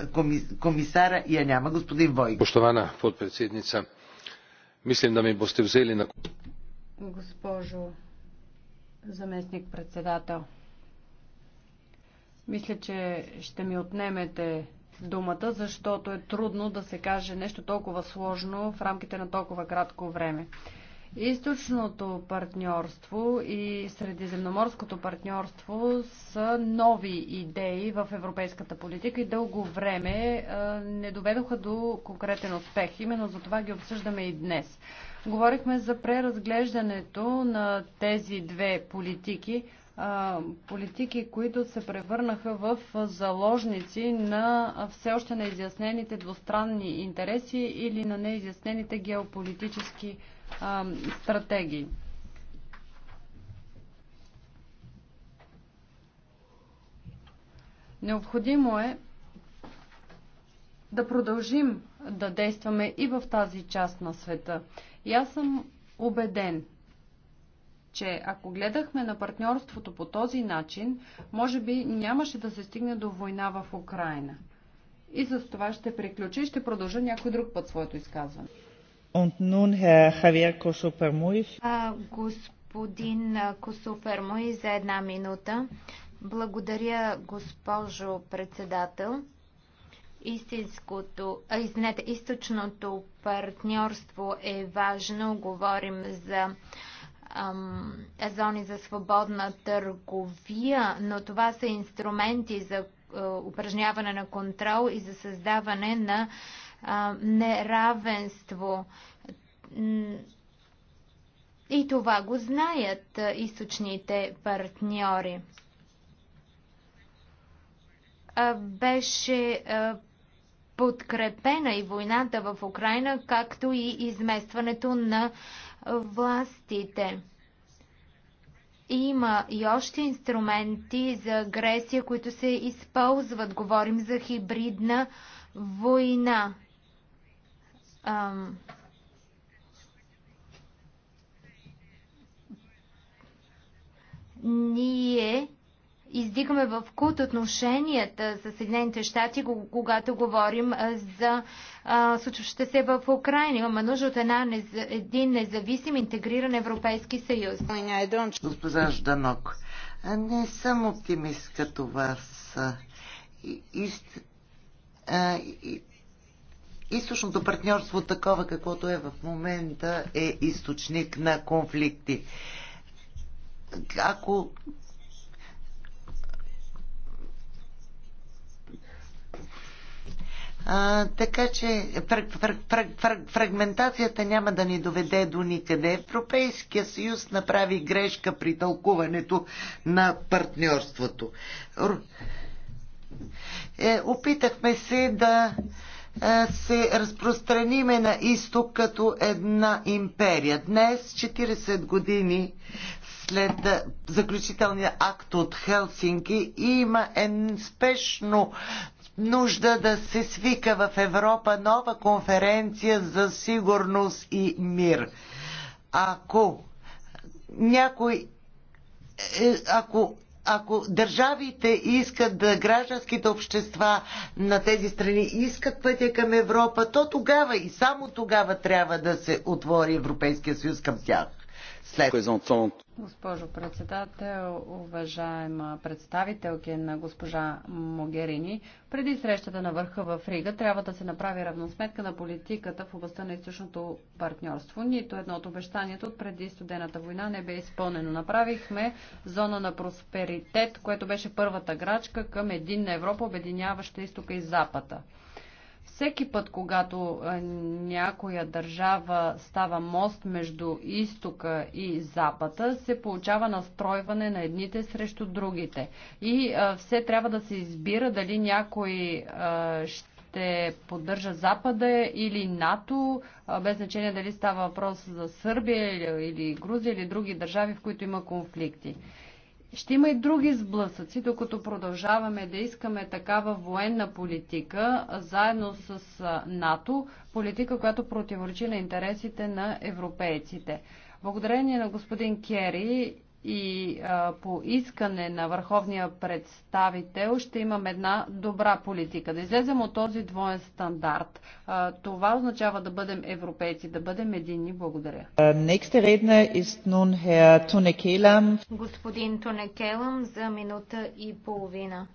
[SPEAKER 3] комисара я няма. Господин Войко.
[SPEAKER 4] Поштована подпредседница, мислим да ми босте взели на...
[SPEAKER 3] Госпожо заместник
[SPEAKER 2] председател, мисля, че ще ми отнемете думата, защото е трудно да се каже нещо толкова сложно в рамките на толкова кратко време. Източното партньорство и средиземноморското партньорство са нови идеи в европейската политика и дълго време е, не доведоха до конкретен успех. Именно за това ги обсъждаме и днес. Говорихме за преразглеждането на тези две политики, е, политики, които се превърнаха в заложници на все още неизяснените двустранни интереси или на неизяснените геополитически интереси а, стратегии. Необходимо е да продължим да действаме и в тази част на света. И аз съм убеден, че ако гледахме на партньорството по този начин, може би нямаше да се стигне до война в Украина. И с това ще приключа и ще продължа някой друг път своето изказване.
[SPEAKER 5] Und nun Herr Javier
[SPEAKER 1] Господин за една минута. Благодаря, госпожо председател. Истинското, а, извинете, източното партньорство е важно. Говорим за ам, зони за свободна търговия, но това са инструменти за упражняване на контрол и за създаване на а, неравенство. И това го знаят източните партньори. Беше подкрепена и войната в Украина, както и изместването на властите. Има и още инструменти за агресия, които се използват. Говорим за хибридна война. Um, ние издигаме в кут отношенията с Съединените щати, когато говорим за случващите се в Украина. Имаме нужда от една, един независим интегриран Европейски съюз.
[SPEAKER 3] Госпожа Жданок, не съм оптимист като вас. И, и, и, източното партньорство, такова каквото е в момента, е източник на конфликти. Ако А, така че фраг, фраг, фраг, фраг, фрагментацията няма да ни доведе до никъде. Европейския съюз направи грешка при тълкуването на партньорството. Е, опитахме се да е, се разпространиме на изток като една империя. Днес, 40 години след е, заключителния акт от Хелсинки, има е спешно нужда да се свика в Европа нова конференция за сигурност и мир. Ако някой е, ако ако държавите искат да гражданските общества на тези страни искат пътя към Европа, то тогава и само тогава трябва да се отвори Европейския съюз към тях след.
[SPEAKER 2] Госпожо председател, уважаема представителки на госпожа Могерини, преди срещата на върха в Рига трябва да се направи равносметка на политиката в областта на източното партньорство. Нито едно от обещанието от преди студената война не бе изпълнено. Направихме зона на просперитет, което беше първата грачка към един на Европа, обединяваща изтока и запада. Всеки път, когато е, някоя държава става мост между изтока и запада, се получава настройване на едните срещу другите. И е, все трябва да се избира дали някой ще ще поддържа Запада или НАТО, е, без значение дали става въпрос за Сърбия или, или Грузия или други държави, в които има конфликти. Ще има и други сблъсъци, докато продължаваме да искаме такава военна политика, заедно с НАТО, политика, която противоречи на интересите на европейците. Благодарение на господин Кери и а, по искане на върховния представител ще имаме една добра политика. Да излезем от този двоен стандарт. А, това означава да бъдем европейци, да бъдем едини. Благодаря.
[SPEAKER 5] Е,
[SPEAKER 1] Господин Тунекелам за минута и половина.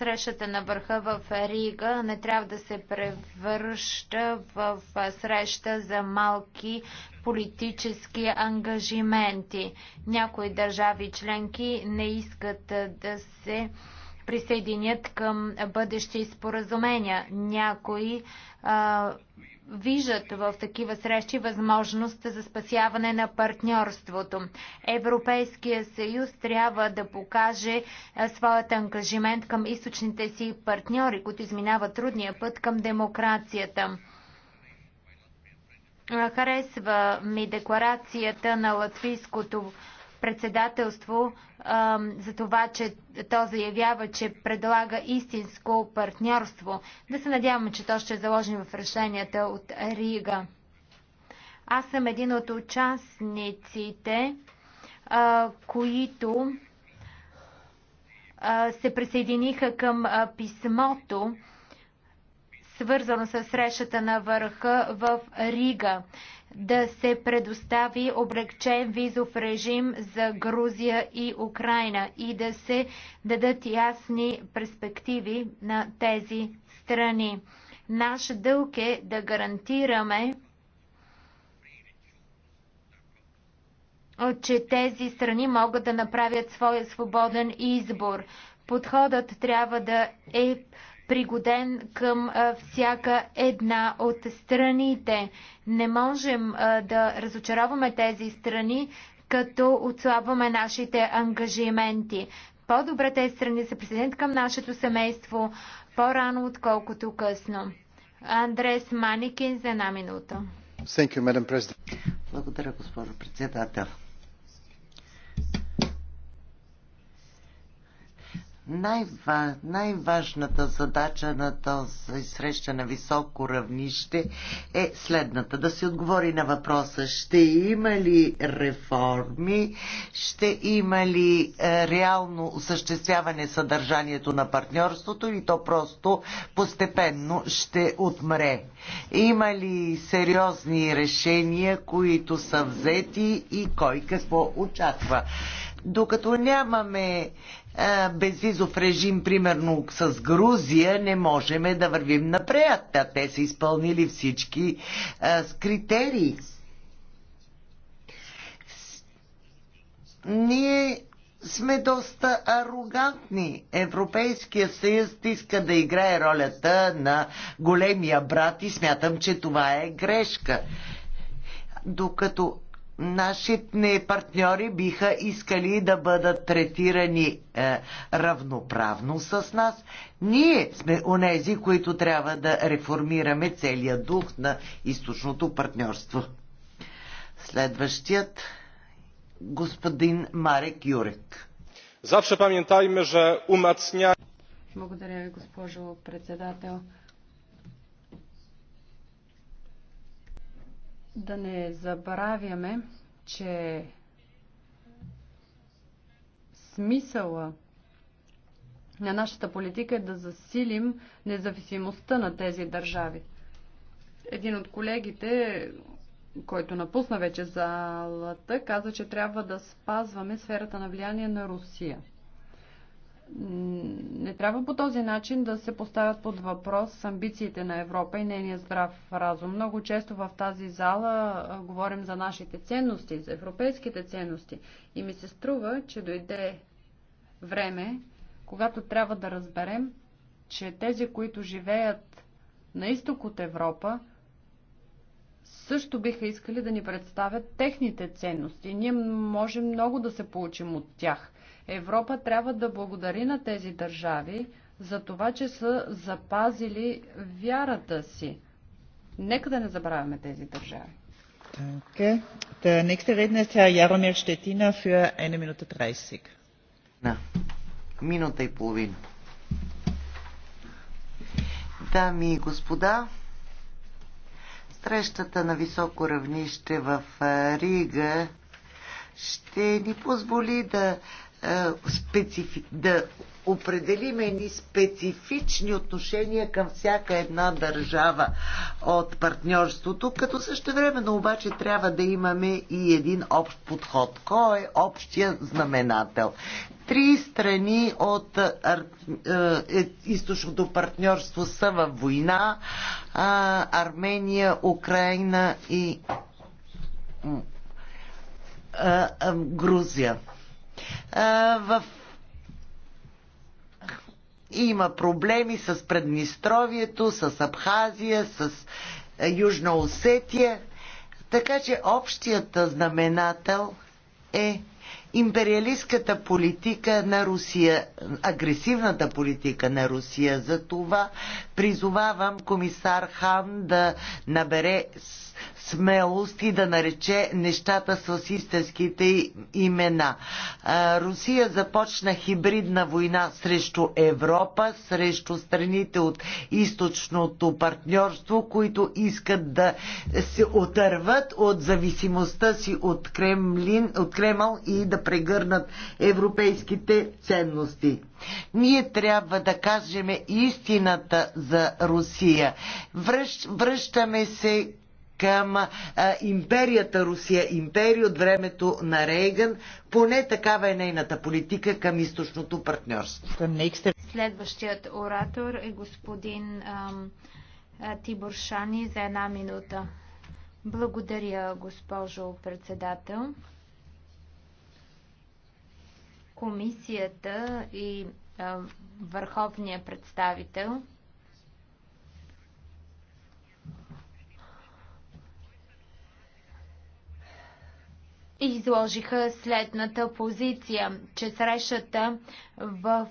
[SPEAKER 1] срещата на върха в Рига не трябва да се превръща в среща за малки политически ангажименти. Някои държави членки не искат да се присъединят към бъдещи споразумения. Някои а, виждат в такива срещи възможност за спасяване на партньорството. Европейския съюз трябва да покаже своят ангажимент към източните си партньори, които изминават трудния път към демокрацията. Харесва ми декларацията на латвийското председателство за това, че то заявява, че предлага истинско партньорство. Да се надяваме, че то ще е заложено в решенията от Рига. Аз съм един от участниците, които се присъединиха към писмото, свързано с срещата на върха в Рига да се предостави облегчен визов режим за Грузия и Украина и да се дадат ясни перспективи на тези страни. Наш дълг е да гарантираме, че тези страни могат да направят своя свободен избор. Подходът трябва да е пригоден към всяка една от страните. Не можем да разочароваме тези страни, като отслабваме нашите ангажименти. По-добре тези страни са присъединят към нашето семейство по-рано, отколкото късно. Андрес Маникин за една минута.
[SPEAKER 3] Благодаря, госпожо председател. най-ва, най-важната задача на този среща на високо равнище е следната. Да се отговори на въпроса, ще има ли реформи, ще има ли е, реално осъществяване съдържанието на партньорството или то просто постепенно ще отмре. Има ли сериозни решения, които са взети и кой какво очаква? Докато нямаме безвизов режим, примерно с Грузия, не можем да вървим напред. А те са изпълнили всички с критерии. Ние сме доста арогантни. Европейския съюз иска да играе ролята на големия брат и смятам, че това е грешка. Докато нашите партньори биха искали да бъдат третирани е, равноправно с нас. Ние сме онези, които трябва да реформираме целия дух на източното партньорство. Следващият господин Марек Юрек. Завше паментайме, че умацня...
[SPEAKER 2] Благодаря ви, госпожо председател. Да не забравяме, че смисъла на нашата политика е да засилим независимостта на тези държави. Един от колегите, който напусна вече залата, каза, че трябва да спазваме сферата на влияние на Русия. Не трябва по този начин да се поставят под въпрос с амбициите на Европа и нейния здрав разум. Много често в тази зала говорим за нашите ценности, за европейските ценности. И ми се струва, че дойде време, когато трябва да разберем, че тези, които живеят на изток от Европа, също биха искали да ни представят техните ценности. Ние можем много да се получим от тях. Европа трябва да благодари на тези държави за това, че са запазили вярата си. Нека да не забравяме тези държави.
[SPEAKER 5] Danke. Der nächste Redner ist Herr Jaromir Stettiner für eine Minute 30.
[SPEAKER 3] Na, минута и половина. Дами и господа, срещата на високо равнище в Рига ще ни позволи да специфи... да определим едни специфични отношения към всяка една държава от партньорството, като също същевременно обаче трябва да имаме и един общ подход. Кой е общия знаменател? Три страни от е, източното партньорство са във война. Армения, Украина и Грузия. В има проблеми с Преднистровието, с Абхазия, с е, Южна Осетия. Така че общият знаменател е империалистката политика на Русия, агресивната политика на Русия. За това призовавам комисар Хан да набере смелост и да нарече нещата с истинските имена. Русия започна хибридна война срещу Европа, срещу страните от източното партньорство, които искат да се отърват от зависимостта си от, Кремлин, от Кремъл и да прегърнат европейските ценности. Ние трябва да кажем истината за Русия. Връщ, връщаме се към а, империята Русия, империя от времето на Рейган, поне такава е нейната политика към източното партньорство.
[SPEAKER 1] Следващият оратор е господин ам, Тибор Шани за една минута. Благодаря, госпожо председател. Комисията и а, върховния представител изложиха следната позиция, че срещата в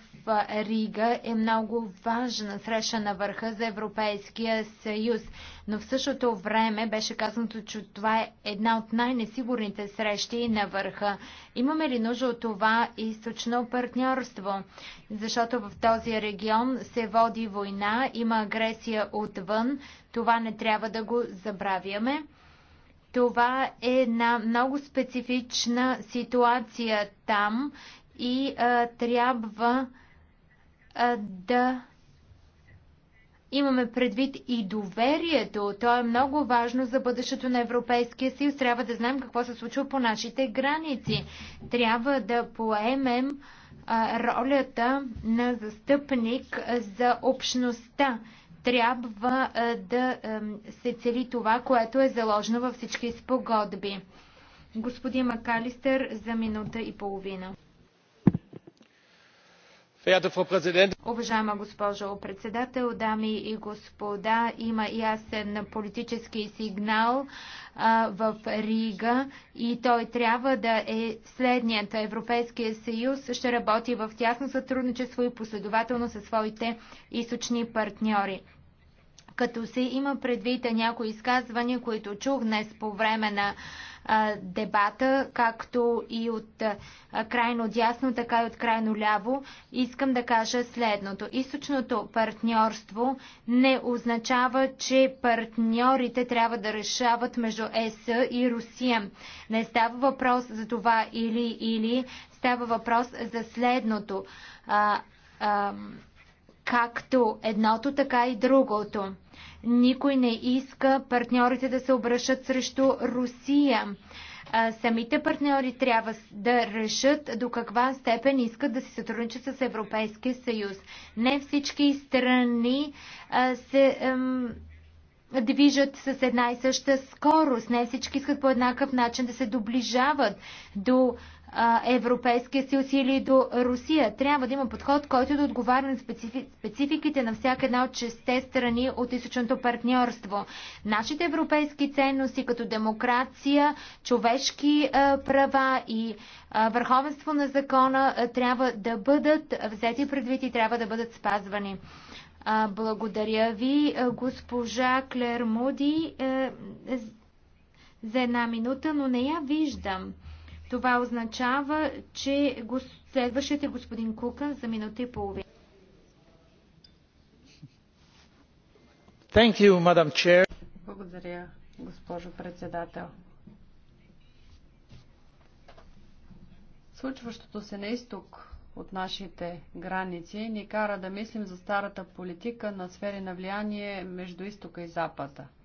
[SPEAKER 1] Рига е много важна среща на върха за Европейския съюз, но в същото време беше казано, че това е една от най-несигурните срещи на върха. Имаме ли нужда от това източно партньорство? Защото в този регион се води война, има агресия отвън, това не трябва да го забравяме. Това е една много специфична ситуация там и а, трябва а, да имаме предвид и доверието. То е много важно за бъдещето на Европейския съюз. Трябва да знаем какво се случва по нашите граници. Трябва да поемем а, ролята на застъпник за общността трябва е, да е, се цели това, което е заложено във всички спогодби. Господин Макалистър за минута и половина. Уважаема госпожо председател, дами и господа, има ясен политически сигнал а, е, в Рига и той трябва да е следният. Европейския съюз ще работи в тясно сътрудничество и последователно със своите източни партньори като се има предвид някои изказвания, които чух днес по време на а, дебата, както и от а, крайно дясно, така и от крайно ляво, искам да кажа следното. Източното партньорство не означава, че партньорите трябва да решават между ЕС и Русия. Не става въпрос за това или или, става въпрос за следното. А, а, както едното, така и другото. Никой не иска партньорите да се обръщат срещу Русия. Самите партньори трябва да решат до каква степен искат да си сътрудничат с Европейския съюз. Не всички страни се движат с една и съща скорост. Не всички искат по еднакъв начин да се доближават до Европейския съюз или до Русия. Трябва да има подход, който да отговаря на специфи... спецификите на всяка една от шесте страни от източното партньорство. Нашите европейски ценности като демокрация, човешки а, права и а, върховенство на закона а, трябва да бъдат взети предвид и трябва да бъдат спазвани. Благодаря ви, госпожа Клер Муди, е, е, за една минута, но не я виждам. Това означава, че следващите господин Кукън за минута и половина.
[SPEAKER 4] Thank you, Madam Chair.
[SPEAKER 2] Благодаря, госпожо председател. Случващото се на изток от нашите граници ни кара да мислим за старата политика на сфери на влияние между изтока и запада –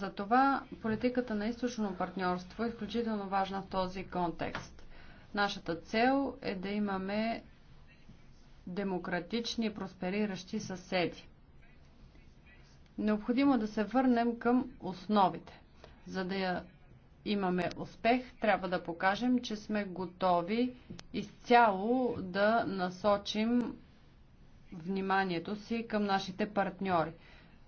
[SPEAKER 2] затова политиката на източно партньорство е изключително важна в този контекст. Нашата цел е да имаме демократични и проспериращи съседи. Необходимо да се върнем към основите. За да я имаме успех, трябва да покажем, че сме готови изцяло да насочим вниманието си към нашите партньори.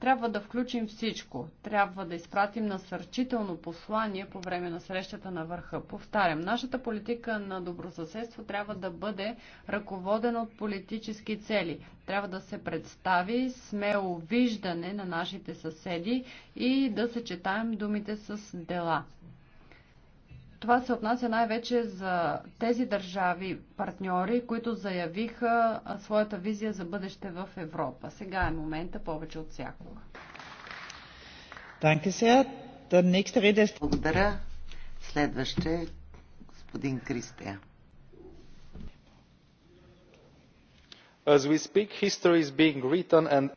[SPEAKER 2] Трябва да включим всичко. Трябва да изпратим насърчително послание по време на срещата на върха. Повтарям, нашата политика на добросъседство трябва да бъде ръководена от политически цели. Трябва да се представи смело виждане на нашите съседи и да съчетаем думите с дела. Това се отнася най-вече за тези държави партньори, които заявиха своята визия за бъдеще в Европа. Сега е момента повече от всякога.
[SPEAKER 5] Благодаря. Следващия
[SPEAKER 3] е господин Кристия.
[SPEAKER 4] As we speak, history is being written and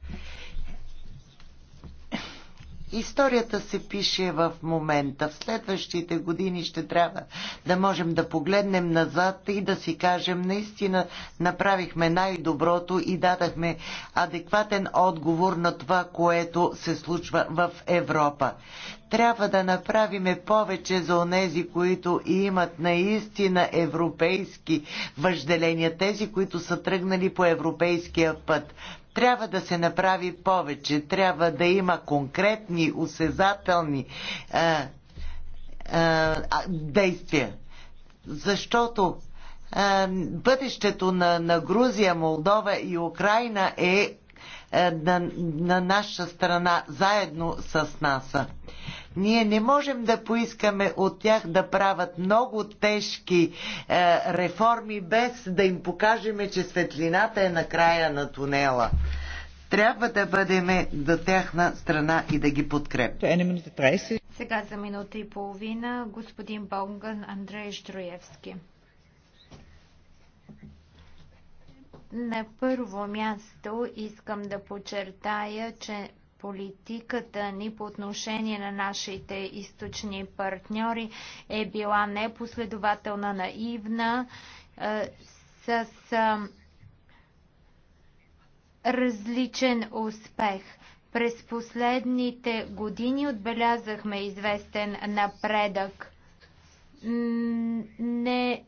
[SPEAKER 3] Историята се пише в момента. В следващите години ще трябва да можем да погледнем назад и да си кажем наистина направихме най-доброто и дадахме адекватен отговор на това, което се случва в Европа. Трябва да направиме повече за онези, които имат наистина европейски въжделения, тези, които са тръгнали по европейския път. Трябва да се направи повече, трябва да има конкретни, осезателни а, е, е, а, действия. Защото а, е, бъдещето на, на Грузия, Молдова и Украина е на, на наша страна, заедно с нас. Ние не можем да поискаме от тях да правят много тежки е, реформи, без да им покажем, че светлината е на края на тунела. Трябва да бъдем до тяхна страна и да ги подкрепим.
[SPEAKER 1] Сега за минута и половина господин Бонган Андрей Штроевски. На първо място искам да подчертая, че политиката ни по отношение на нашите източни партньори е била непоследователна, наивна, е, с е, различен успех. През последните години отбелязахме известен напредък. Не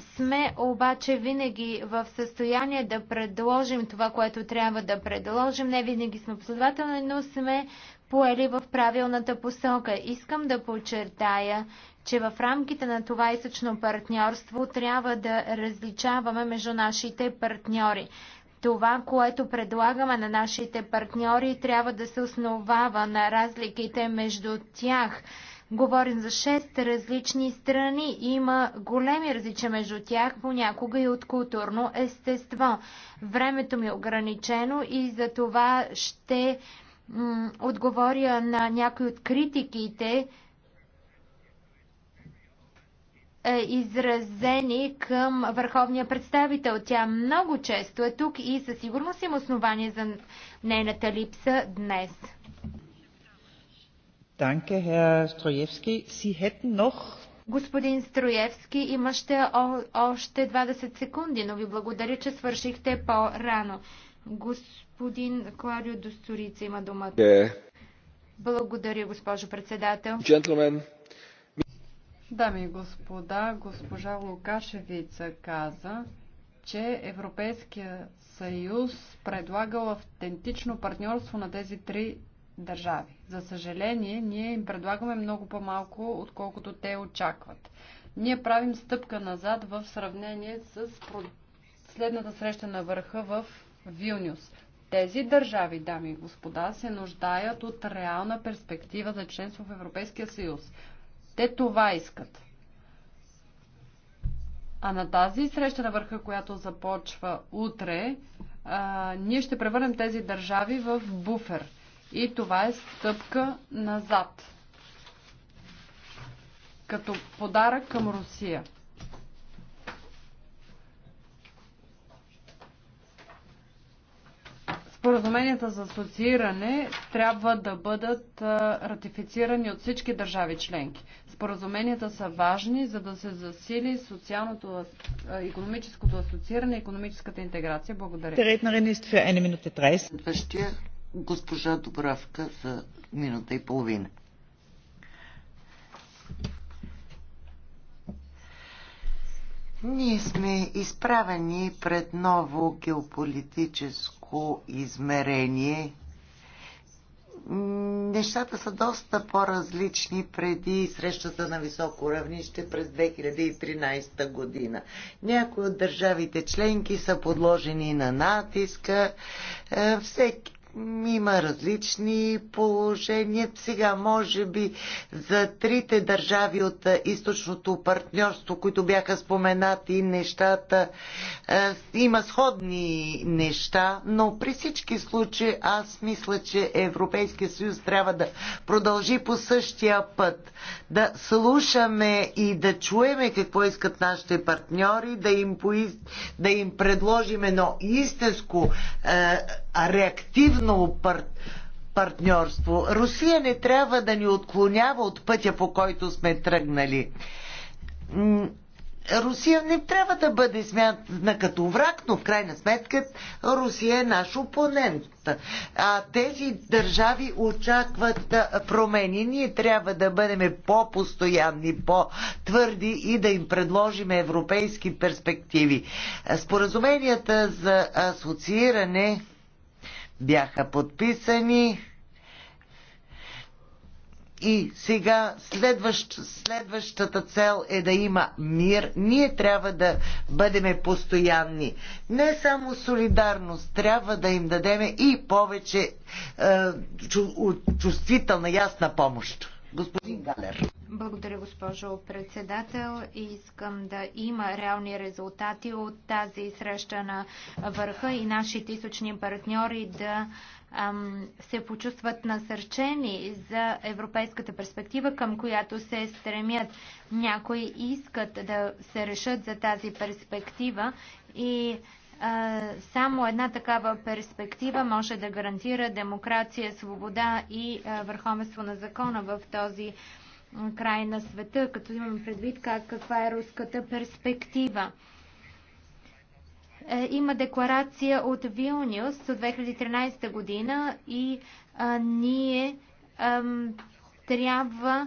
[SPEAKER 1] сме обаче винаги в състояние да предложим това, което трябва да предложим. Не винаги сме последователни, но сме поели в правилната посока. Искам да подчертая, че в рамките на това източно партньорство трябва да различаваме между нашите партньори. Това, което предлагаме на нашите партньори, трябва да се основава на разликите между тях – Говорим за 6 различни страни. Има големи различия между тях, понякога и от културно естество. Времето ми е ограничено и за това ще отговоря на някои от критиките, е, изразени към върховния представител. Тя много често е тук и със сигурност има основание за нейната липса днес.
[SPEAKER 5] Danke, Herr Sie hätten noch...
[SPEAKER 1] Господин Строевски, имаше още 20 секунди, но ви благодаря, че свършихте по-рано. Господин Кларио Досторица има думата. Yeah. Е. Благодаря, госпожо председател.
[SPEAKER 4] Gentlemen.
[SPEAKER 2] Дами и господа, госпожа Лукашевица каза, че Европейския съюз предлага автентично партньорство на тези три държави. За съжаление, ние им предлагаме много по-малко, отколкото те очакват. Ние правим стъпка назад в сравнение с следната среща на върха в Вилнюс. Тези държави, дами и господа, се нуждаят от реална перспектива за членство в Европейския съюз. Те това искат. А на тази среща на върха, която започва утре, а, ние ще превърнем тези държави в буфер. И това е стъпка назад. Като подарък към Русия. Споразуменията за асоцииране трябва да бъдат ратифицирани от всички държави членки. Споразуменията са важни, за да се засили социалното, економическото асоцииране и економическата интеграция. Благодаря
[SPEAKER 3] госпожа Добравка за минута и половина. Ние сме изправени пред ново геополитическо измерение. Нещата са доста по-различни преди срещата на високо равнище през 2013 година. Някои от държавите членки са подложени на натиска. Е, всеки има различни положения. Сега, може би, за трите държави от източното партньорство, които бяха споменати нещата, има сходни неща, но при всички случаи аз мисля, че Европейския съюз трябва да продължи по същия път. Да слушаме и да чуеме какво искат нашите партньори, да им, поис... да им предложим едно истинско реактивно ефективно пар... партньорство. Русия не трябва да ни отклонява от пътя, по който сме тръгнали. Русия не трябва да бъде смятана като враг, но в крайна сметка Русия е наш опонент. А тези държави очакват промени. Ние трябва да бъдем по-постоянни, по-твърди и да им предложим европейски перспективи. Споразуменията за асоцииране бяха подписани. И сега следващ, следващата цел е да има мир. Ние трябва да бъдеме постоянни. Не само солидарност, трябва да им дадеме и повече е, чу, чувствителна, ясна помощ. Господин Галер.
[SPEAKER 1] Благодаря, госпожо председател. Искам да има реални резултати от тази среща на върха и нашите източни партньори да ам, се почувстват насърчени за европейската перспектива, към която се стремят. Някои искат да се решат за тази перспектива и само една такава перспектива може да гарантира демокрация, свобода и върховенство на закона в този край на света, като имам предвид как, каква е руската перспектива. Е, има декларация от Вилниус от 2013 година и а, ние а, трябва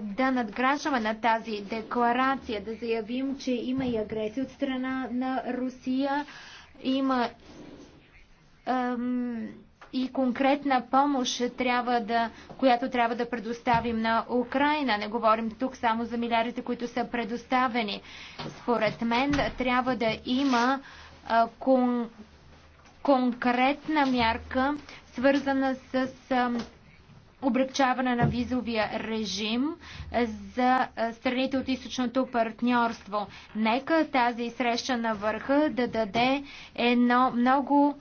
[SPEAKER 1] да надграждаме на тази декларация, да заявим, че има и агресия от страна на Русия, има и конкретна помощ, трябва да, която трябва да предоставим на Украина. Не говорим тук само за милиардите, които са предоставени. Според мен трябва да има кон, конкретна мярка, свързана с облегчаване на визовия режим за страните от източното партньорство. Нека тази среща на върха да даде едно много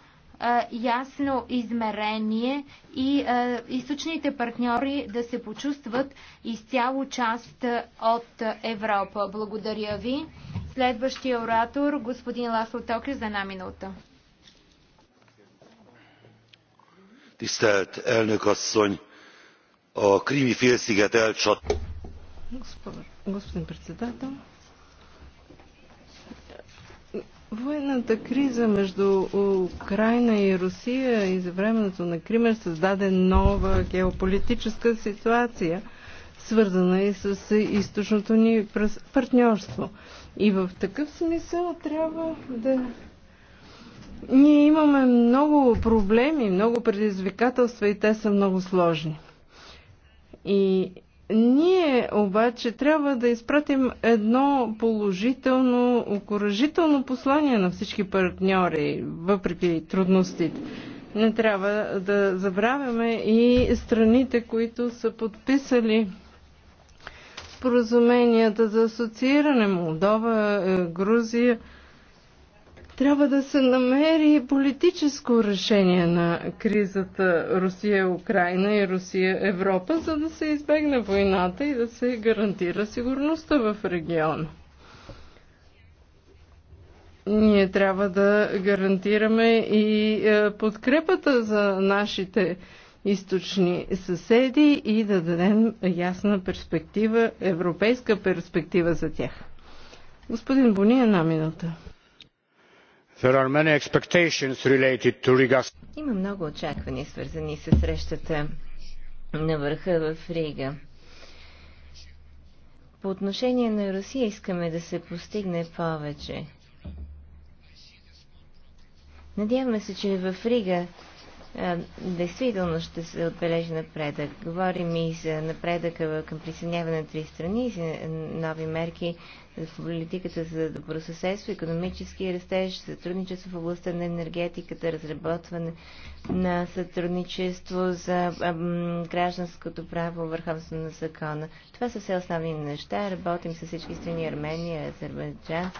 [SPEAKER 1] ясно измерение и източните партньори да се почувстват изцяло част от Европа. Благодаря ви. Следващия оратор, господин Ласло Токио, за една минута.
[SPEAKER 5] Tisztelt
[SPEAKER 3] elnök asszony, a Krimi félsziget elcsat.
[SPEAKER 6] Господин председател, Военната криза между Украина и Русия и за времето на Кример създаде нова геополитическа ситуация, свързана и с източното ни партньорство. И в такъв смисъл трябва да... Ние имаме много проблеми, много предизвикателства и те са много сложни. И ние обаче трябва да изпратим едно положително, окоръжително послание на всички партньори, въпреки трудностите. Не трябва да забравяме и страните, които са подписали споразуменията за асоцииране Молдова, е, Грузия, трябва да се намери политическо решение на кризата Русия-Украина и Русия-Европа, за да се избегне войната и да се гарантира сигурността в региона. Ние трябва да гарантираме и е, подкрепата за нашите източни съседи и да дадем ясна перспектива, европейска перспектива за тях. Господин Бони, една минута.
[SPEAKER 7] Има много очаквания, свързани с срещата на върха в Рига. По отношение на Русия искаме да се постигне повече. Надяваме се, че в Рига а, действително ще се отбележи напредък. Говорим и за напредъка към присъединяване на три страни, за нови мерки в политиката за добросъседство, економически растеж, сътрудничество в областта на енергетиката, разработване на сътрудничество за гражданското право, върховство на закона. Това са все основни неща. Работим с всички страни Армения, Азербайджан.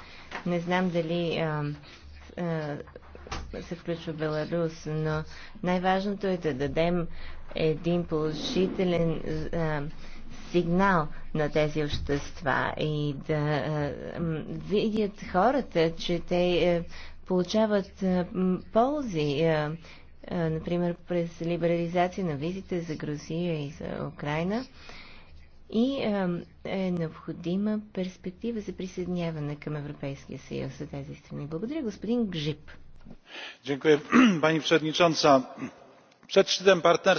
[SPEAKER 7] Не знам дали а, а, се включва Беларус, но най-важното е да дадем един положителен а, сигнал на тези общества и да видят хората, че те е, получават ползи, например, през либерализация на визите за Грузия и за Украина. И е необходима перспектива за присъединяване към Европейския съюз за тези страни. Благодаря, господин
[SPEAKER 4] Гжип.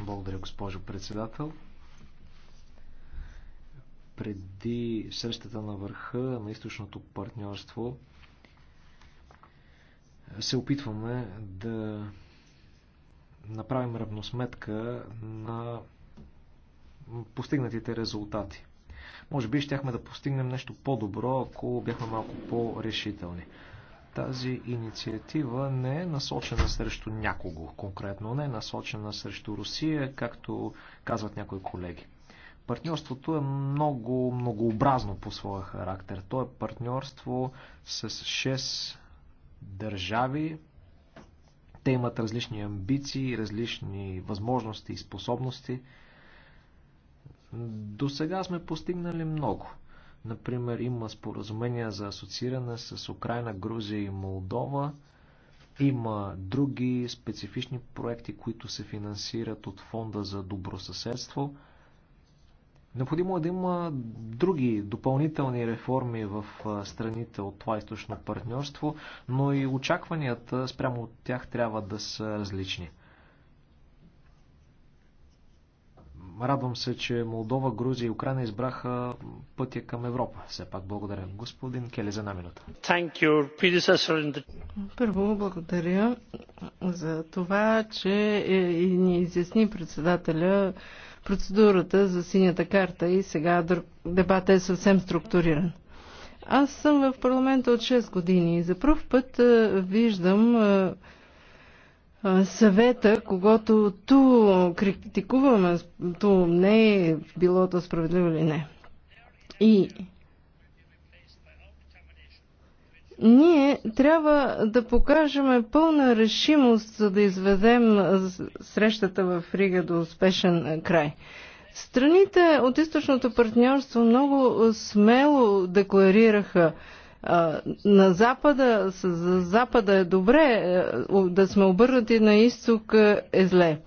[SPEAKER 4] Благодаря, госпожо председател преди срещата на върха на източното партньорство се опитваме да направим равносметка на постигнатите резултати. Може би щяхме да постигнем нещо по-добро, ако бяхме малко по-решителни. Тази инициатива не е насочена срещу някого конкретно, не е насочена срещу Русия, както казват някои колеги. Партньорството е много многообразно по своя характер. То е партньорство с 6 държави. Те имат различни амбиции, различни възможности и способности. До сега сме постигнали много. Например, има споразумения за асоцииране с Украина, Грузия и Молдова. Има други специфични проекти, които се финансират от Фонда за добросъседство – Необходимо е да има други допълнителни реформи в страните от това източно партньорство, но и очакванията спрямо от тях трябва да са различни. Радвам се, че Молдова, Грузия и Украина избраха пътя към Европа. Все пак благодаря. Господин Келе, за една минута.
[SPEAKER 6] Първо благодаря за това, че е, ни изясни председателя процедурата за синята карта и сега дебата е съвсем структуриран. Аз съм в парламента от 6 години и за първ път виждам съвета, когато ту критикуваме, ту не е било то справедливо или не. И ние ние трябва да покажем пълна решимост, за да изведем срещата в Рига до успешен край. Страните от източното партньорство много смело декларираха на Запада, за Запада е добре, да сме обърнати на изток е зле.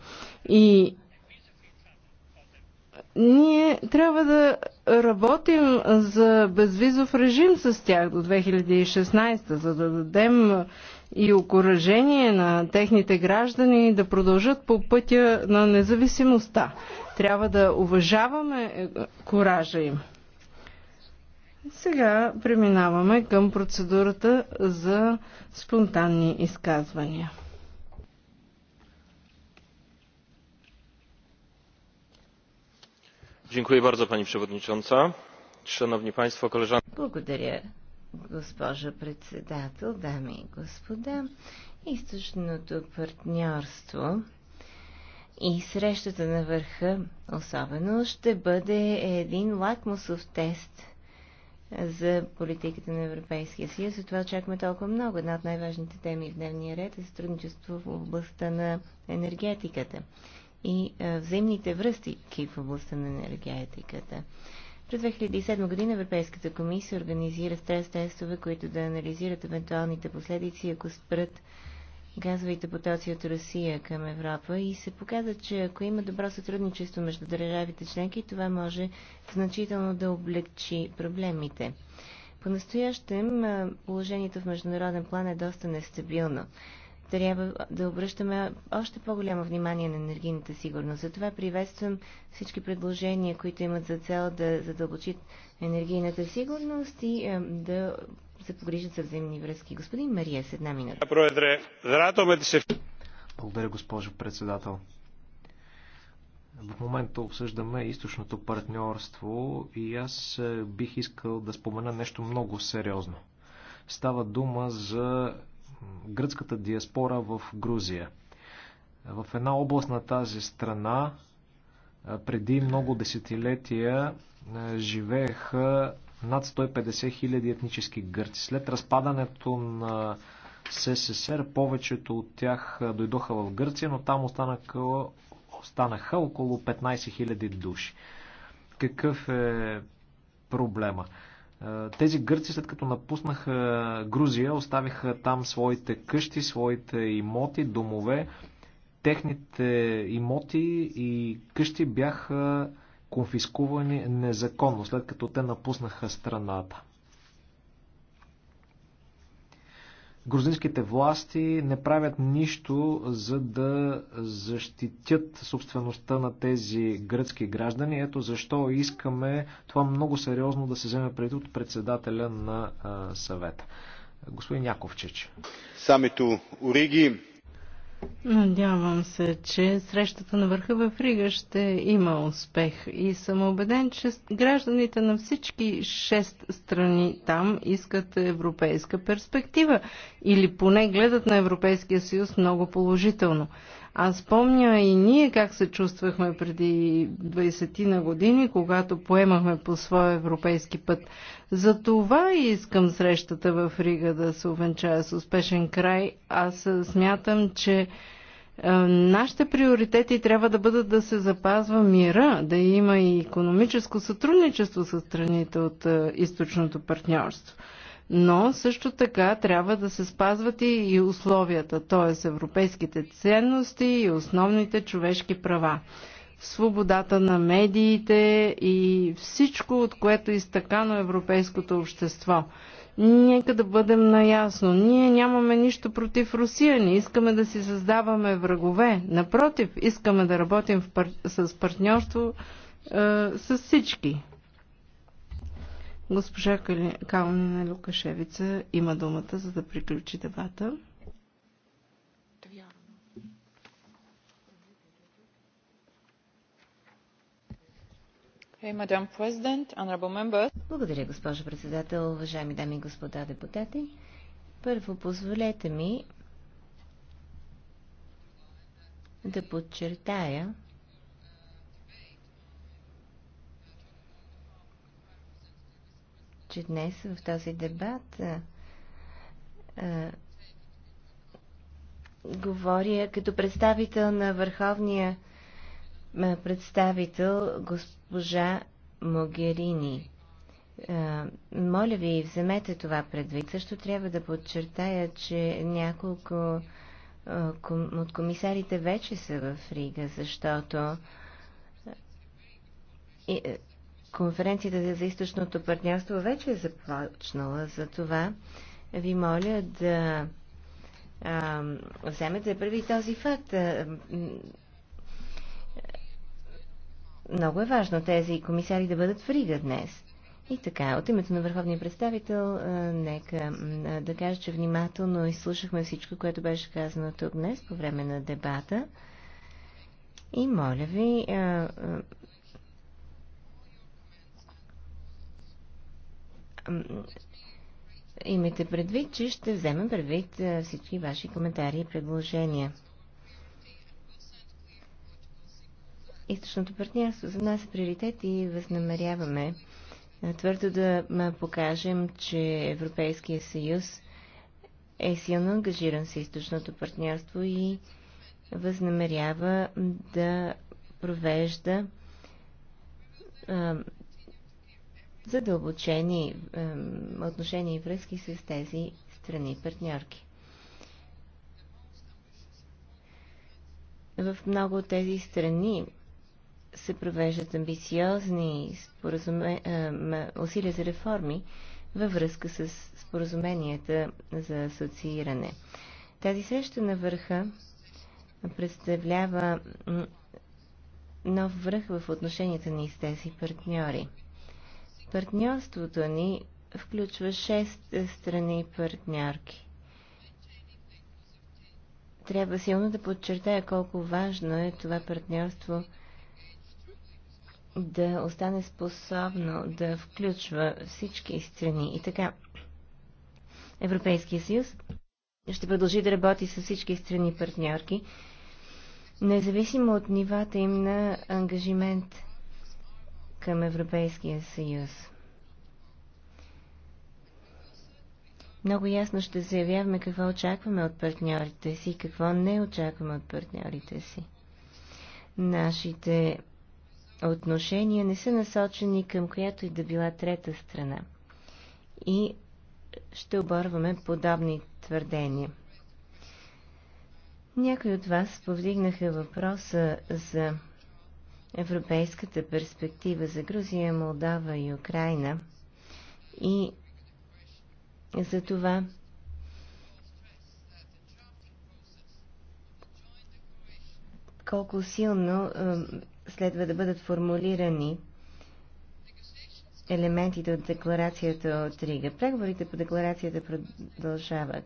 [SPEAKER 6] И ние трябва да работим за безвизов режим с тях до 2016, за да дадем и окоръжение на техните граждани да продължат по пътя на независимостта. Трябва да уважаваме е, коража им. Сега преминаваме към процедурата за спонтанни изказвания.
[SPEAKER 4] pani przewodnicząca! szanowni państwo!
[SPEAKER 7] Благодаря, госпожо председател, дами и господа. Източното партньорство и срещата на върха особено ще бъде един лакмусов тест за политиката на Европейския съюз. това очакваме толкова много. Една от най-важните теми в дневния ред е сътрудничество в областта на енергетиката и е, взаимните връзки в областта на енергетиката. През 2007 година Европейската комисия организира стрес тестове, които да анализират евентуалните последици, ако спрат газовите потоци от Русия към Европа и се показа, че ако има добро сътрудничество между държавите членки, това може значително да облегчи проблемите. По-настоящем е, положението в международен план е доста нестабилно трябва да обръщаме още по-голямо внимание на енергийната сигурност. Затова приветствам всички предложения, които имат за цел да задълбочат енергийната сигурност и е, да се погрижат за взаимни връзки. Господин Мария, с една
[SPEAKER 4] минута. Благодаря, госпожо председател. В момента обсъждаме източното партньорство и аз е, бих искал да спомена нещо много сериозно. Става дума за гръцката диаспора в Грузия. В една област на тази страна преди много десетилетия живееха над 150 хиляди етнически гърци. След разпадането на СССР повечето от тях дойдоха в Гърция, но там останаха, останаха около 15 000 души. Какъв е проблема? Тези гърци, след като напуснаха Грузия, оставиха там своите къщи, своите имоти, домове. Техните имоти и къщи бяха конфискувани незаконно, след като те напуснаха страната. Грузинските власти не правят нищо, за да защитят собствеността на тези гръцки граждани. Ето защо искаме това много сериозно да се вземе преди от председателя на съвета. Господин Яковчич.
[SPEAKER 6] Самито Уриги Надявам се, че срещата на върха в Рига ще има успех и съм убеден, че гражданите на всички шест страни там искат европейска перспектива или поне гледат на Европейския съюз много положително. Аз помня и ние как се чувствахме преди 20 на години, когато поемахме по своя европейски път. За това и искам срещата в Рига да се увенчая с успешен край. Аз смятам, че е, Нашите приоритети трябва да бъдат да се запазва мира, да има и економическо сътрудничество с страните от е, източното партньорство но също така трябва да се спазват и условията, т.е. европейските ценности и основните човешки права. Свободата на медиите и всичко, от което е изтъкано европейското общество. Нека да бъдем наясно. Ние нямаме нищо против Русия, не искаме да си създаваме врагове. Напротив, искаме да работим в пар... с партньорство е, с всички. Госпожа Калнина Лукашевица има думата, за да приключи дебата.
[SPEAKER 7] Благодаря, госпожо председател, уважаеми дами и господа депутати. Първо, позволете ми да подчертая, че днес в този дебат а, а, говоря като представител на върховния а, представител госпожа Могерини. А, моля ви, вземете това предвид. Също трябва да подчертая, че няколко от комисарите вече са в Рига, защото Конференцията за източното партньорство вече е започнала, за това ви моля да а, вземете първи този факт. Много е важно тези комисари да бъдат в Рига днес. И така, от името на Върховния представител, а, нека а, да кажа, че внимателно изслушахме всичко, което беше казано тук днес по време на дебата. И моля ви, а, имайте предвид, че ще вземем предвид всички ваши коментари и предложения. Източното партньорство за нас е приоритет и възнамеряваме твърдо да покажем, че Европейския съюз е силно ангажиран с източното партньорство и възнамерява да провежда задълбочени отношения и връзки с тези страни партньорки. В много от тези страни се провеждат амбициозни споразуме... усилия за реформи във връзка с споразуменията за асоцииране. Тази среща на върха представлява нов връх в отношенията ни с тези партньори. Партньорството ни включва шест е, страни партньорки. Трябва силно да подчертая колко важно е това партньорство да остане способно да включва всички страни. И така, Европейския съюз ще продължи да работи с всички страни партньорки, независимо от нивата им на ангажимент към Европейския съюз. Много ясно ще заявяваме какво очакваме от партньорите си и какво не очакваме от партньорите си. Нашите отношения не са насочени към която и да била трета страна. И ще оборваме подобни твърдения. Някои от вас повдигнаха въпроса за европейската перспектива за Грузия, Молдава и Украина. И за това колко силно е, следва да бъдат формулирани елементите от декларацията от Рига. Преговорите по декларацията продължават.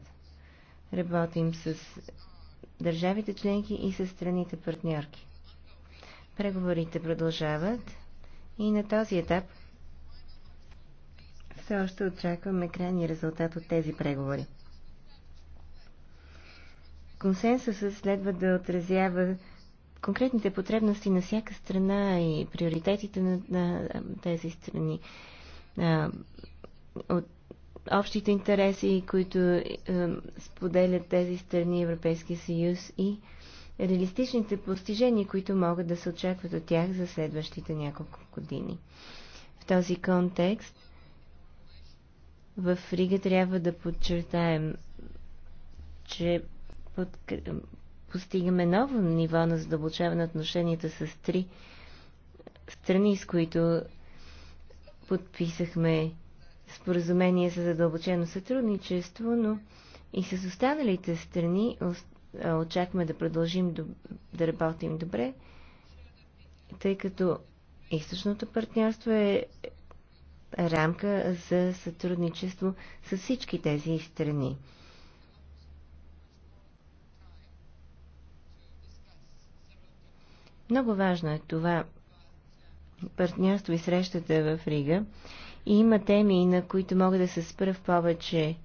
[SPEAKER 7] Работим с държавите членки и с страните партньорки. Преговорите продължават и на този етап все още очакваме крайния резултат от тези преговори. Консенсусът следва да отразява конкретните потребности на всяка страна и приоритетите на, на тези страни. А, от общите интереси, които а, е, споделят тези страни Европейския съюз и реалистичните постижения, които могат да се очакват от тях за следващите няколко години. В този контекст в Рига трябва да подчертаем, че под... постигаме ново ниво на задълбочаване на отношенията с три страни, с които подписахме споразумение за задълбочено сътрудничество, но и с останалите страни очакваме да продължим да работим добре, тъй като източното партньорство е рамка за сътрудничество с всички тези страни. Много важно е това партньорство и срещата в Рига. И има теми, на които мога да се спра в повече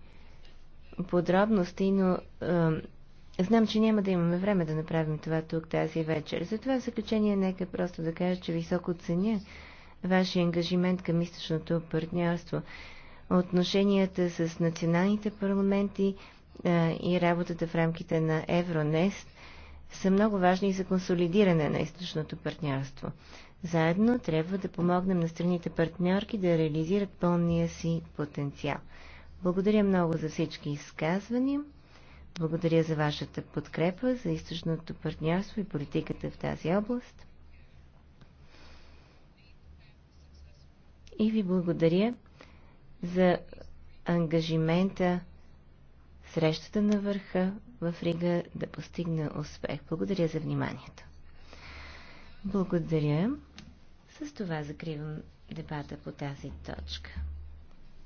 [SPEAKER 7] подробности, но Знам, че няма да имаме време да направим това тук тази вечер. Затова в заключение нека просто да кажа, че високо ценя вашия ангажимент към източното партньорство. Отношенията с националните парламенти а, и работата в рамките на Евронест са много важни за консолидиране на източното партньорство. Заедно трябва да помогнем на страните партньорки да реализират пълния си потенциал. Благодаря много за всички изказвания. Благодаря за вашата подкрепа за източното партньорство и политиката в тази област. И ви благодаря за ангажимента срещата на върха в Рига да постигне успех. Благодаря за вниманието.
[SPEAKER 3] Благодаря. С това закривам дебата по тази точка.